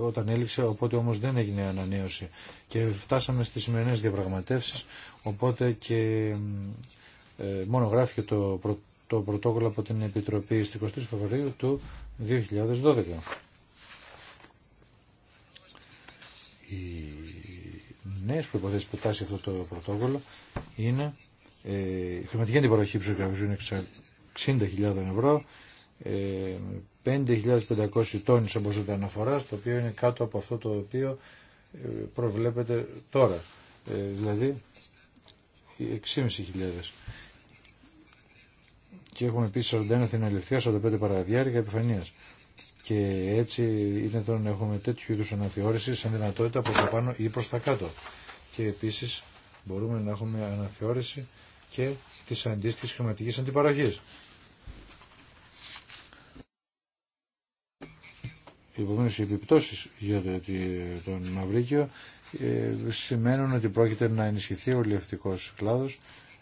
όταν έληξε, οπότε όμως δεν έγινε ανανέωση. Και φτάσαμε στις σημερινές διαπραγματεύσεις, οπότε και ε, μόνο γράφει το, το πρωτόκολλο από την Επιτροπή στις 23 Φεβρουαρίου του 2012. Οι νέες προϋποθέσεις που τάσει αυτό το πρωτόκολλο είναι ε, χρηματική αντιπαραχή ψωγραφής είναι 60.000 ευρώ, ε, 5.500 τόνους όπως ούτε αναφορά, το οποίο είναι κάτω από αυτό το οποίο ε, προβλέπεται τώρα. Ε, δηλαδή 6.500. Και έχουμε επίσης 41 την 45 παραδιάρια επιφανείας. Και έτσι είναι εδώ να έχουμε τέτοιου είδους αναθεώρηση σαν δυνατότητα από τα πάνω ή προς τα κάτω. Και επίσης μπορούμε να έχουμε αναθεώρηση και της αντίστοιχης χρηματικής αντιπαραγής. Επομένως οι επιπτώσεις για τον Μαυρίκιο ε, σημαίνουν ότι πρόκειται να ενισχυθεί ο λιευτικός κλάδος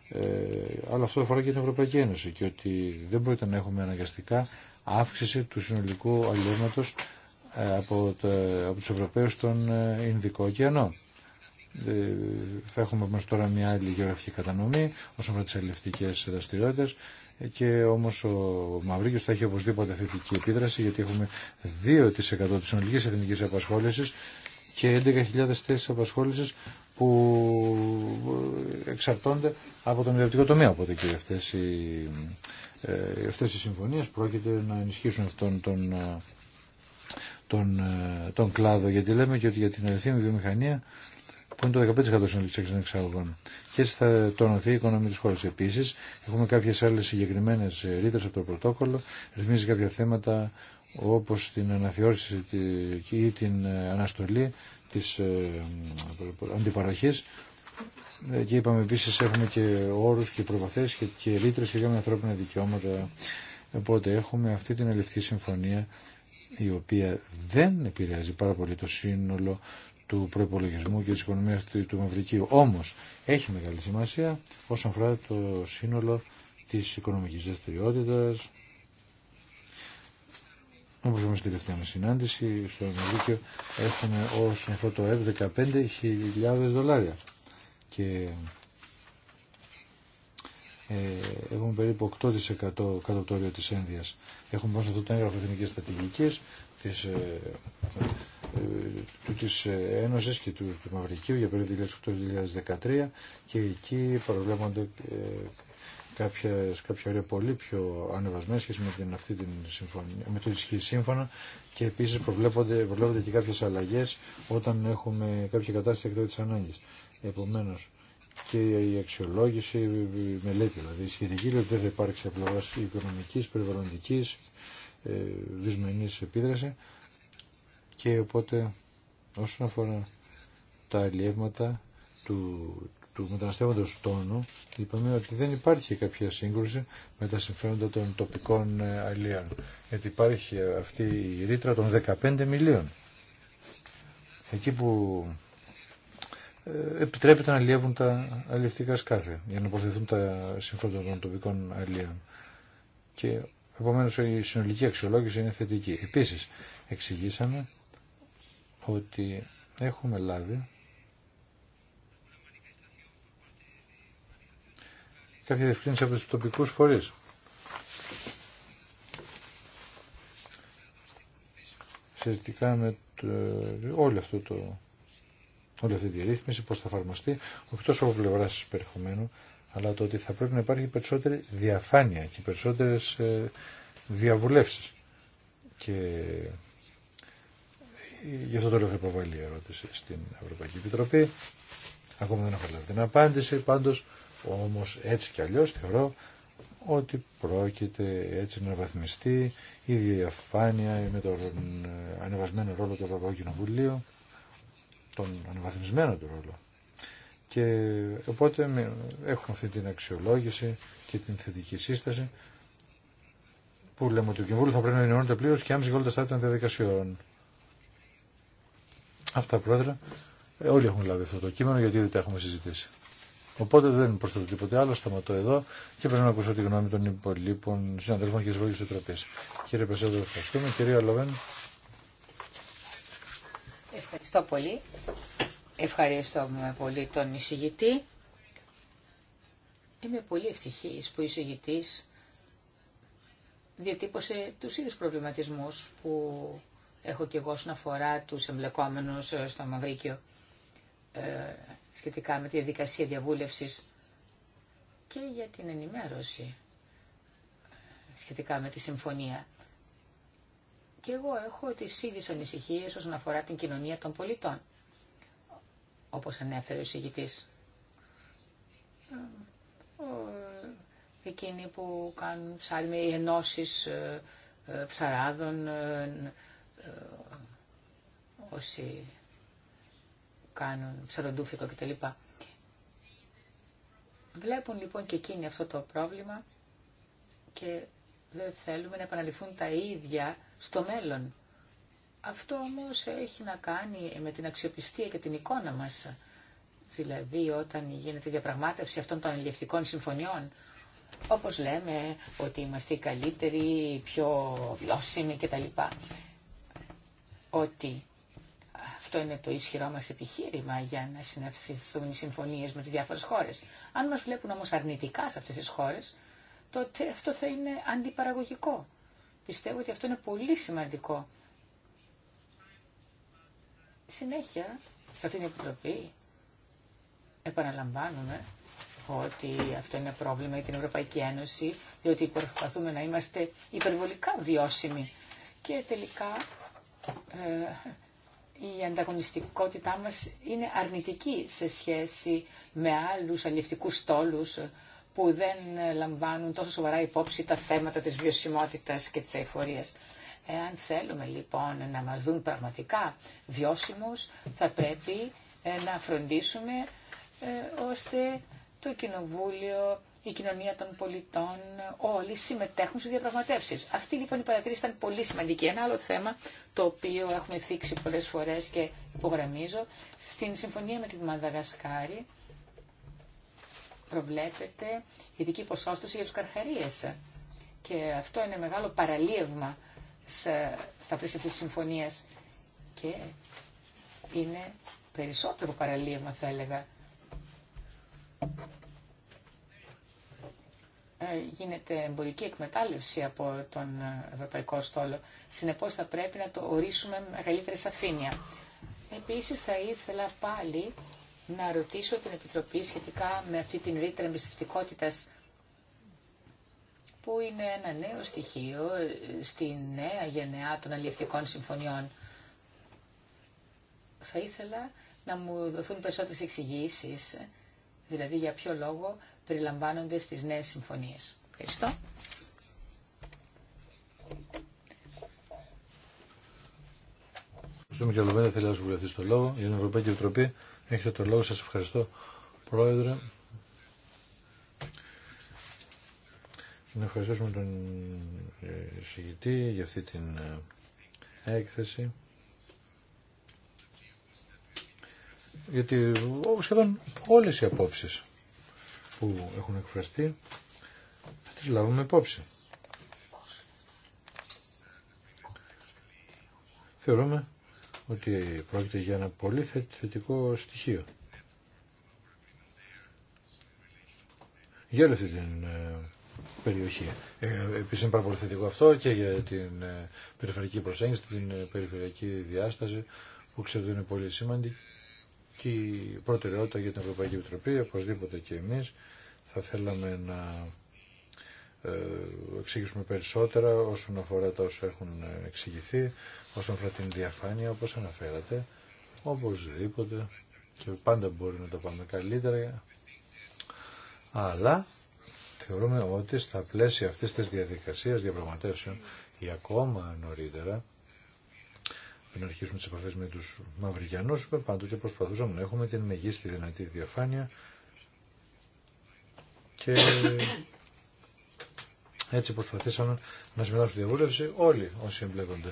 ε, αλλά αυτό αφορά και την Ευρωπαϊκή Ένωση και ότι δεν πρόκειται να έχουμε αναγκαστικά αύξηση του συνολικού ε, από, το, από τους Ευρωπαίους στον ε, Ινδικό ωκεανό. θα έχουμε όμως τώρα μια άλλη γεωγραφική κατανομή όσον αφορά τις αλληλευτικές δραστηριότητε και όμως ο Μαυρίκης θα έχει οπωσδήποτε θετική επίδραση γιατί έχουμε 2% της συνολικής εθνικής απασχόλησης και 11.000 θέσεις απασχόλησης που εξαρτώνται από τον ιδιωτικό τομέα. Οπότε και αυτές οι, ε, συμφωνίες πρόκειται να ενισχύσουν αυτόν τον, ε, τον, ε, τον κλάδο γιατί λέμε και ότι για την αριθμή βιομηχανία που είναι το 15% συνολική των Και έτσι θα τονωθεί η οικονομία τη χώρα. Επίση, έχουμε κάποιε άλλε συγκεκριμένε ρήτρε από το πρωτόκολλο, ρυθμίζει κάποια θέματα όπω την αναθεώρηση ή την αναστολή τη ε, αντιπαραχή. Ε, και είπαμε επίση έχουμε και όρου και προπαθέ και, και ρήτρε σχετικά με ανθρώπινα δικαιώματα. Οπότε έχουμε αυτή την ελευθερική συμφωνία η οποία δεν επηρεάζει πάρα πολύ το σύνολο του προπολογισμού και της οικονομίας του Μαυρικίου. Όμως έχει μεγάλη σημασία όσον αφορά το σύνολο της οικονομικής δραστηριότητα. Όπως είμαστε στη τελευταία μας συνάντηση, στο Μαυρίκιο έχουμε ως αυτό το f 15.000 δολάρια. Και ε, έχουμε περίπου 8% κάτω από το όριο της ένδυας. Έχουμε πάνω σε αυτό το έγγραφο εθνικές στρατηγικές ε, του ε, της ε, Ένωσης και του, του Μαυρικίου για περίοδο 2008-2013 και εκεί προβλέπονται ε, κάποια ωραία πολύ πιο ανεβασμένες σχέση με την, αυτή την συμφωνία, με το ισχύ σύμφωνα και επίσης προβλέπονται, προβλέπονται και κάποιες αλλαγές όταν έχουμε κάποια κατάσταση εκτός της ανάγκης. Επομένως, και η αξιολόγηση, η μελέτη δηλαδή, η σχετική, δηλαδή δεν θα υπάρξει απλώς οικονομικής, περιβαλλοντικής, ε, δυσμενής επίδραση, και οπότε όσον αφορά τα αλλιεύματα του, του μεταναστεύοντος τόνου είπαμε ότι δεν υπάρχει κάποια σύγκρουση με τα συμφέροντα των τοπικών ε, αλλιών γιατί υπάρχει αυτή η ρήτρα των 15 μιλίων εκεί που ε, επιτρέπεται να αλλιεύουν τα αλλιευτικά σκάφη για να αποθεθούν τα συμφέροντα των τοπικών αλλιών και επομένως η συνολική αξιολόγηση είναι θετική. Επίσης εξηγήσαμε ότι έχουμε λάβει κάποια διευκρίνηση από τους τοπικούς φορείς. Σχετικά με όλο αυτό το, όλη αυτή τη ρύθμιση, πώς θα εφαρμοστεί, όχι τόσο από πλευρά περιεχομένου, αλλά το ότι θα πρέπει να υπάρχει περισσότερη διαφάνεια και περισσότερες ε, διαβουλεύσεις. Και γι' αυτό το λόγο υποβάλει ερώτηση στην Ευρωπαϊκή Επιτροπή. Ακόμα δεν έχω λάβει την απάντηση, πάντως όμως έτσι κι αλλιώ θεωρώ ότι πρόκειται έτσι να βαθμιστεί η διαφάνεια με τον ε, ανεβασμένο ρόλο του Ευρωπαϊκού Κοινοβουλίου, τον ανεβαθμισμένο του ρόλο. Και οπότε έχουμε αυτή την αξιολόγηση και την θετική σύσταση που λέμε ότι το Κοινοβούλιο θα πρέπει να ενημερώνεται πλήρω και άμεση για όλα τα στάδια των διαδικασιών. Αυτά πρόεδρε. Ε, όλοι έχουν λάβει αυτό το κείμενο γιατί δεν τα έχουμε συζητήσει. Οπότε δεν προσθέτω τίποτε άλλο, σταματώ εδώ και πρέπει να ακούσω τη γνώμη των υπολείπων συναδέλφων και τη Επιτροπή. Κύριε Περσέδο, ευχαριστούμε. Κυρία Λοβέν. Ευχαριστώ πολύ. Ευχαριστώ πολύ τον εισηγητή. Είμαι πολύ ευτυχής που ο εισηγητής διατύπωσε τους ίδιους προβληματισμούς που έχω και εγώ όσον αφορά τους εμπλεκόμενους ε, στο Μαυρίκιο ε, σχετικά με τη διαδικασία διαβούλευσης και για την ενημέρωση ε, σχετικά με τη συμφωνία. Και εγώ έχω τις ίδιες ανησυχίες όσον αφορά την κοινωνία των πολιτών, όπως ανέφερε ο συγητής. Εκείνοι που κάνουν ψάρι ενώσεις ψαράδων, ε, όσοι κάνουν ψαροντούφικο κτλ. Βλέπουν λοιπόν και εκείνοι αυτό το πρόβλημα και δεν θέλουμε να επαναληφθούν τα ίδια στο μέλλον. Αυτό όμως έχει να κάνει με την αξιοπιστία και την εικόνα μας. Δηλαδή όταν γίνεται η διαπραγμάτευση αυτών των αλληλευτικών συμφωνιών, όπως λέμε ότι είμαστε οι καλύτεροι, οι πιο βιώσιμοι κτλ ότι αυτό είναι το ισχυρό μας επιχείρημα για να συνευθυνθούν οι συμφωνίες με τις διάφορες χώρες. Αν μας βλέπουν όμως αρνητικά σε αυτές τις χώρες, τότε αυτό θα είναι αντιπαραγωγικό. Πιστεύω ότι αυτό είναι πολύ σημαντικό. Συνέχεια, σε αυτήν την Επιτροπή, επαναλαμβάνουμε ότι αυτό είναι πρόβλημα για την Ευρωπαϊκή Ένωση, διότι προσπαθούμε να είμαστε υπερβολικά βιώσιμοι. Και τελικά ε, η ανταγωνιστικότητά μας είναι αρνητική σε σχέση με άλλους αλληλευτικούς τόλους που δεν λαμβάνουν τόσο σοβαρά υπόψη τα θέματα της βιωσιμότητας και της αηφορίας. Εάν θέλουμε λοιπόν να μας δουν πραγματικά βιώσιμους, θα πρέπει ε, να φροντίσουμε ε, ώστε το Κοινοβούλιο η κοινωνία των πολιτών, όλοι συμμετέχουν στις διαπραγματεύσεις. Αυτή λοιπόν η παρατήρηση ήταν πολύ σημαντική. Ένα άλλο θέμα το οποίο έχουμε θίξει πολλές φορές και υπογραμμίζω, στην συμφωνία με τη Μαδαγασκάρη προβλέπεται ειδική ποσόστοση για τους καρχαρίες. Και αυτό είναι μεγάλο παραλίευμα στα πλαίσια αυτής της συμφωνίας και είναι περισσότερο παραλίευμα θα έλεγα ε, γίνεται εμπορική εκμετάλλευση από τον Ευρωπαϊκό Στόλο. Συνεπώς θα πρέπει να το ορίσουμε με μεγαλύτερη σαφήνεια. Επίσης θα ήθελα πάλι να ρωτήσω την Επιτροπή σχετικά με αυτή την ρήτρα εμπιστευτικότητα που είναι ένα νέο στοιχείο στη νέα γενεά των αλληλευτικών συμφωνιών. Θα ήθελα να μου δοθούν περισσότερες εξηγήσεις, δηλαδή για ποιο λόγο περιλαμβάνονται στις νέες συμφωνίες. Ευχαριστώ. Ευχαριστώ και ολοβέρα. Θέλω να σου βουλευτείς το λόγο. Η την Ευρωπαϊκή Επιτροπή έχει το λόγο. Σας ευχαριστώ, Πρόεδρε. Να ευχαριστήσουμε τον ε, συγητή για αυτή την ε, έκθεση. Γιατί σχεδόν όλες οι απόψεις που έχουν εκφραστεί θα τις λάβουμε υπόψη. Θεωρούμε ότι πρόκειται για ένα πολύ θετικό στοιχείο. Για όλη αυτή την ε, περιοχή. Ε, επίσης είναι πάρα πολύ θετικό αυτό και για την ε, περιφερειακή προσέγγιση, την περιφερειακή διάσταση που ότι είναι πολύ σημαντική Και η προτεραιότητα για την Ευρωπαϊκή Επιτροπή, οπωσδήποτε και εμείς θα θέλαμε να ε, εξηγήσουμε περισσότερα όσον αφορά τα όσα έχουν ε, εξηγηθεί, όσον αφορά την διαφάνεια, όπως αναφέρατε, οπωσδήποτε και πάντα μπορεί να τα πάμε καλύτερα, αλλά θεωρούμε ότι στα πλαίσια αυτής της διαδικασίας διαπραγματεύσεων ή ακόμα νωρίτερα, πριν αρχίσουμε τις επαφές με τους Μαυρικιανούς, πάντοτε προσπαθούσαμε να έχουμε την μεγίστη δυνατή διαφάνεια και έτσι προσπαθήσαμε να συμμετάσχουν στη διαβούλευση όλοι όσοι εμπλέκονται.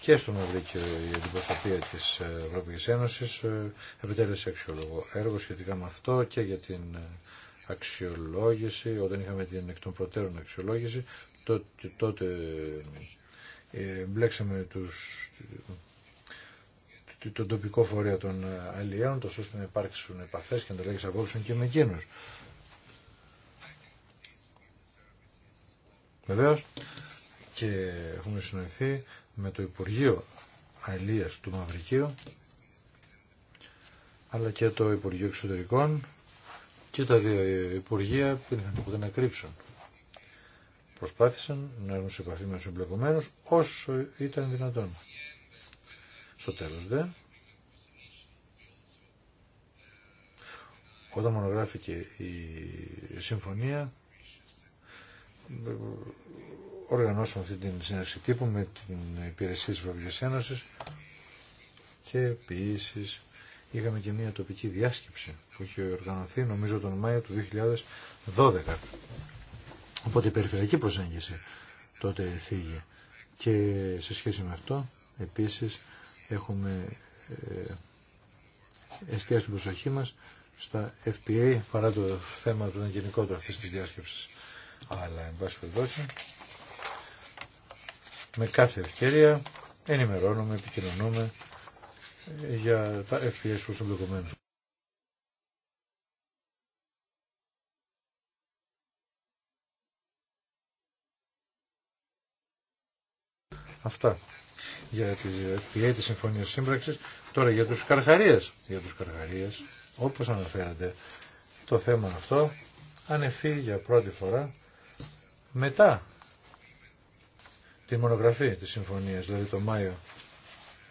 Και στον Μαυρίκη η αντιπροσωπεία τη Ευρωπαϊκή Ένωση ε, επιτέλεσε αξιολογό έργο σχετικά με αυτό και για την αξιολόγηση. Όταν είχαμε την εκ των προτέρων αξιολόγηση, τότε, τότε ε, μπλέξαμε τους τον τοπικό φορέα των ε, αλλιέων, τόσο ώστε να υπάρξουν επαφέ και ανταλλαγέ απόψεων και με εκείνου. Βεβαίω και έχουμε συνοηθεί με το Υπουργείο Αλία του Μαυρικίου αλλά και το Υπουργείο Εξωτερικών και τα δύο Υπουργεία είχαν τίποτα να κρύψουν. Προσπάθησαν να έρθουν σε επαφή με του εμπλεκομένου όσο ήταν δυνατόν. Στο τέλος δε, όταν μονογράφηκε η συμφωνία, οργανώσαμε αυτή την συνέντευξη τύπου με την υπηρεσία της Ευρωπαϊκής Ένωσης και επίση είχαμε και μια τοπική διάσκεψη που είχε οργανωθεί νομίζω τον Μάιο του 2012. Οπότε η περιφερειακή προσέγγιση τότε θίγει και σε σχέση με αυτό επίσης έχουμε ε, εστιάσει την προσοχή μας στα FPA παρά το θέμα του γενικότερο αυτής της διάσκεψης. Αλλά, εν πάση περιπτώσει, με κάθε ευκαιρία ενημερώνουμε, επικοινωνούμε ε, για τα που προς εμπλεκομένους. Αυτά για τη FPA, τη Συμφωνία Σύμπραξης. Τώρα για τους καρχαρίες, για τους καρχαρίες, όπως αναφέρατε, το θέμα αυτό ανεφεί για πρώτη φορά μετά τη μονογραφή τη συμφωνίας, δηλαδή το Μάιο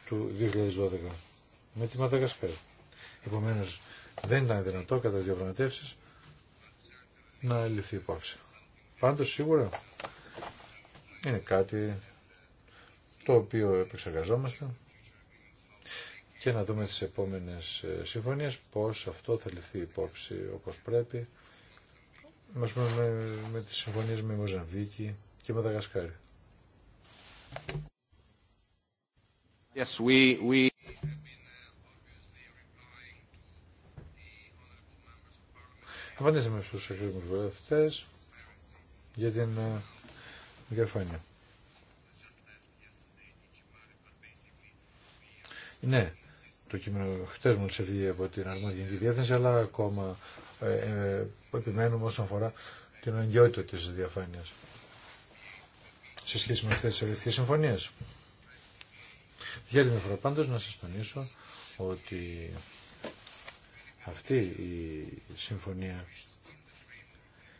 του 2012 με τη Μαδαγασκάρη. Επομένως δεν ήταν δυνατό κατά διαπραγματεύσεις να ληφθεί υπόψη. Πάντως σίγουρα είναι κάτι το οποίο επεξεργαζόμαστε και να δούμε τις επόμενες ε, συμφωνίες πώς αυτό θα ληφθεί υπόψη όπως πρέπει μας με, με τις συμφωνίες με Μοζαμβίκη και Μαδαγασκάρη. Yes, we, we... Απαντήσαμε στους εκλογικούς βουλευτές για την ε, διαφάνεια. Ναι, το κείμενο χτες μου ξεφύγει από την αρμόδια διεύθυνση, αλλά ακόμα ε, ε, επιμένουμε όσον αφορά την αγκαιότητα της διαφάνειας σε σχέση με αυτές τις συμφωνίες. Για την φορά πάντως να σας τονίσω ότι αυτή η συμφωνία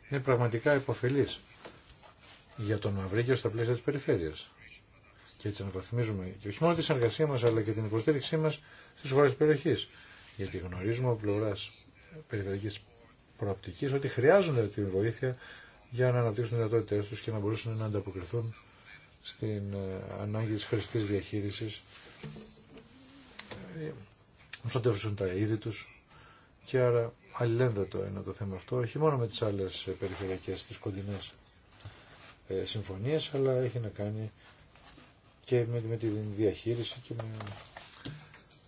είναι πραγματικά υποφελής για τον Μαυρίκιο στα πλαίσια της περιφέρειας και έτσι να βαθμίζουμε και όχι μόνο τη συνεργασία μας αλλά και την υποστήριξή μας στις χώρες της περιοχής. Γιατί γνωρίζουμε από πλευρά περιφερειακής προαπτικής ότι χρειάζονται τη βοήθεια για να αναπτύξουν τι δυνατότητές τους και να μπορούσαν να ανταποκριθούν στην ε, ανάγκη της χρηστής διαχείρισης ε, προστατεύσουν τα είδη τους και άρα αλληλένδετο είναι το θέμα αυτό, όχι μόνο με τις άλλες περιφερειακές, τις κοντινές ε, συμφωνίες, αλλά έχει να κάνει και με, με τη διαχείριση και με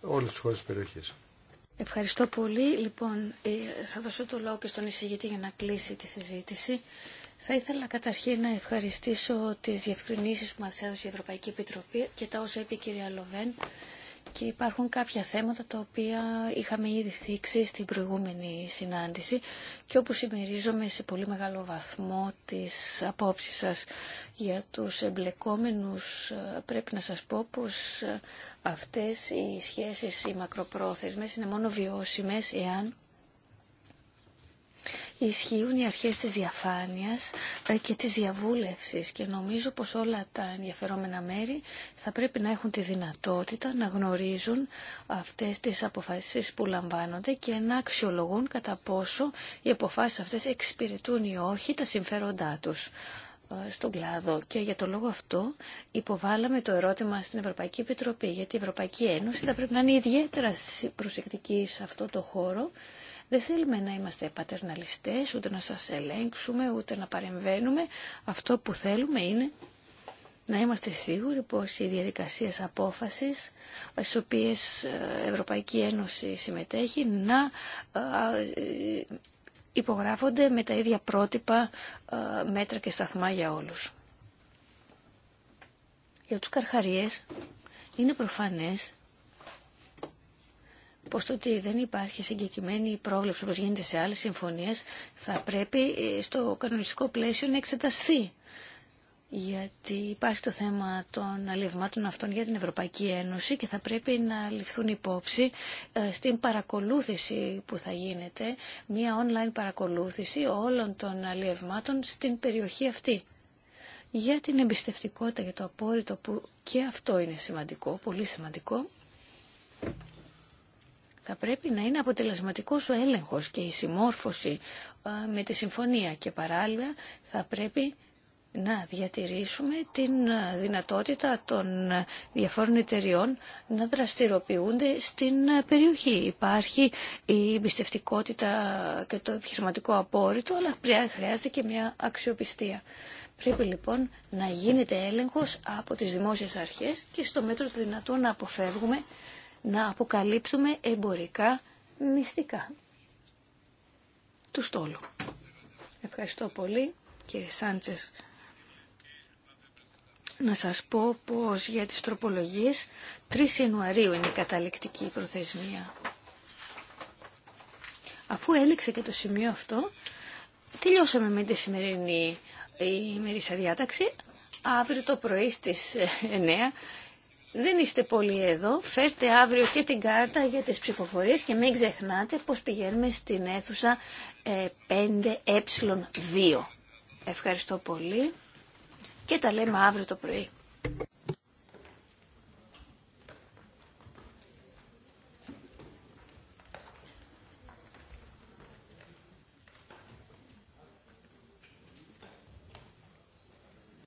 όλες τις χώρες της περιοχής. Ευχαριστώ πολύ. Λοιπόν, ε, θα δώσω το λόγο και στον εισηγητή για να κλείσει τη συζήτηση. Θα ήθελα καταρχήν να ευχαριστήσω τις διευκρινήσεις που μας έδωσε η Ευρωπαϊκή Επιτροπή και τα όσα είπε η κυρία Λοβέν και υπάρχουν κάποια θέματα τα οποία είχαμε ήδη θίξει στην προηγούμενη συνάντηση και όπου συμμερίζομαι σε πολύ μεγάλο βαθμό τις απόψεις σας για τους εμπλεκόμενους πρέπει να σας πω πως αυτές οι σχέσεις οι μακροπρόθεσμες είναι μόνο βιώσιμες εάν ισχύουν οι αρχές της διαφάνειας ε, και της διαβούλευσης και νομίζω πως όλα τα ενδιαφερόμενα μέρη θα πρέπει να έχουν τη δυνατότητα να γνωρίζουν αυτές τις αποφάσεις που λαμβάνονται και να αξιολογούν κατά πόσο οι αποφάσεις αυτές εξυπηρετούν ή όχι τα συμφέροντά τους ε, στον κλάδο και για το λόγο αυτό υποβάλαμε το ερώτημα στην Ευρωπαϊκή Επιτροπή γιατί η Ευρωπαϊκή Ένωση θα πρέπει να είναι ιδιαίτερα προσεκτική σε αυτό το χώρο δεν θέλουμε να είμαστε πατερναλιστές, ούτε να σας ελέγξουμε, ούτε να παρεμβαίνουμε. Αυτό που θέλουμε είναι να είμαστε σίγουροι πως οι διαδικασίες απόφασης στις οποίες η ε, Ευρωπαϊκή Ένωση συμμετέχει να ε, ε, υπογράφονται με τα ίδια πρότυπα μέτρα και σταθμά για όλους. Για τους καρχαριές είναι προφανές πω το ότι δεν υπάρχει συγκεκριμένη πρόβλεψη όπω γίνεται σε άλλε συμφωνίε, θα πρέπει ε, στο κανονιστικό πλαίσιο να εξεταστεί. Γιατί υπάρχει το θέμα των αλλιευμάτων αυτών για την Ευρωπαϊκή Ένωση και θα πρέπει να ληφθούν υπόψη ε, στην παρακολούθηση που θα γίνεται, μία online παρακολούθηση όλων των αλλιευμάτων στην περιοχή αυτή. Για την εμπιστευτικότητα, για το απόρριτο που και αυτό είναι σημαντικό, πολύ σημαντικό θα πρέπει να είναι αποτελεσματικός ο έλεγχος και η συμμόρφωση με τη συμφωνία και παράλληλα θα πρέπει να διατηρήσουμε την δυνατότητα των διαφόρων εταιριών να δραστηριοποιούνται στην περιοχή. Υπάρχει η εμπιστευτικότητα και το επιχειρηματικό απόρριτο, αλλά χρειάζεται και μια αξιοπιστία. Πρέπει λοιπόν να γίνεται έλεγχος από τις δημόσιες αρχές και στο μέτρο του δυνατού να αποφεύγουμε να αποκαλύψουμε εμπορικά μυστικά του στόλου. Ευχαριστώ πολύ κύριε Σάντσες. Να σας πω πως για τις τροπολογίες 3 Ιανουαρίου είναι η καταληκτική προθεσμία. Αφού έληξε και το σημείο αυτό, τελειώσαμε με τη σημερινή ημερήσια διάταξη. Αύριο το πρωί στις 9 ε, δεν είστε πολύ εδώ. Φέρτε αύριο και την κάρτα για τις ψηφοφορίες και μην ξεχνάτε πως πηγαίνουμε στην αίθουσα 5Ε2. Ευχαριστώ πολύ και τα λέμε αύριο το πρωί.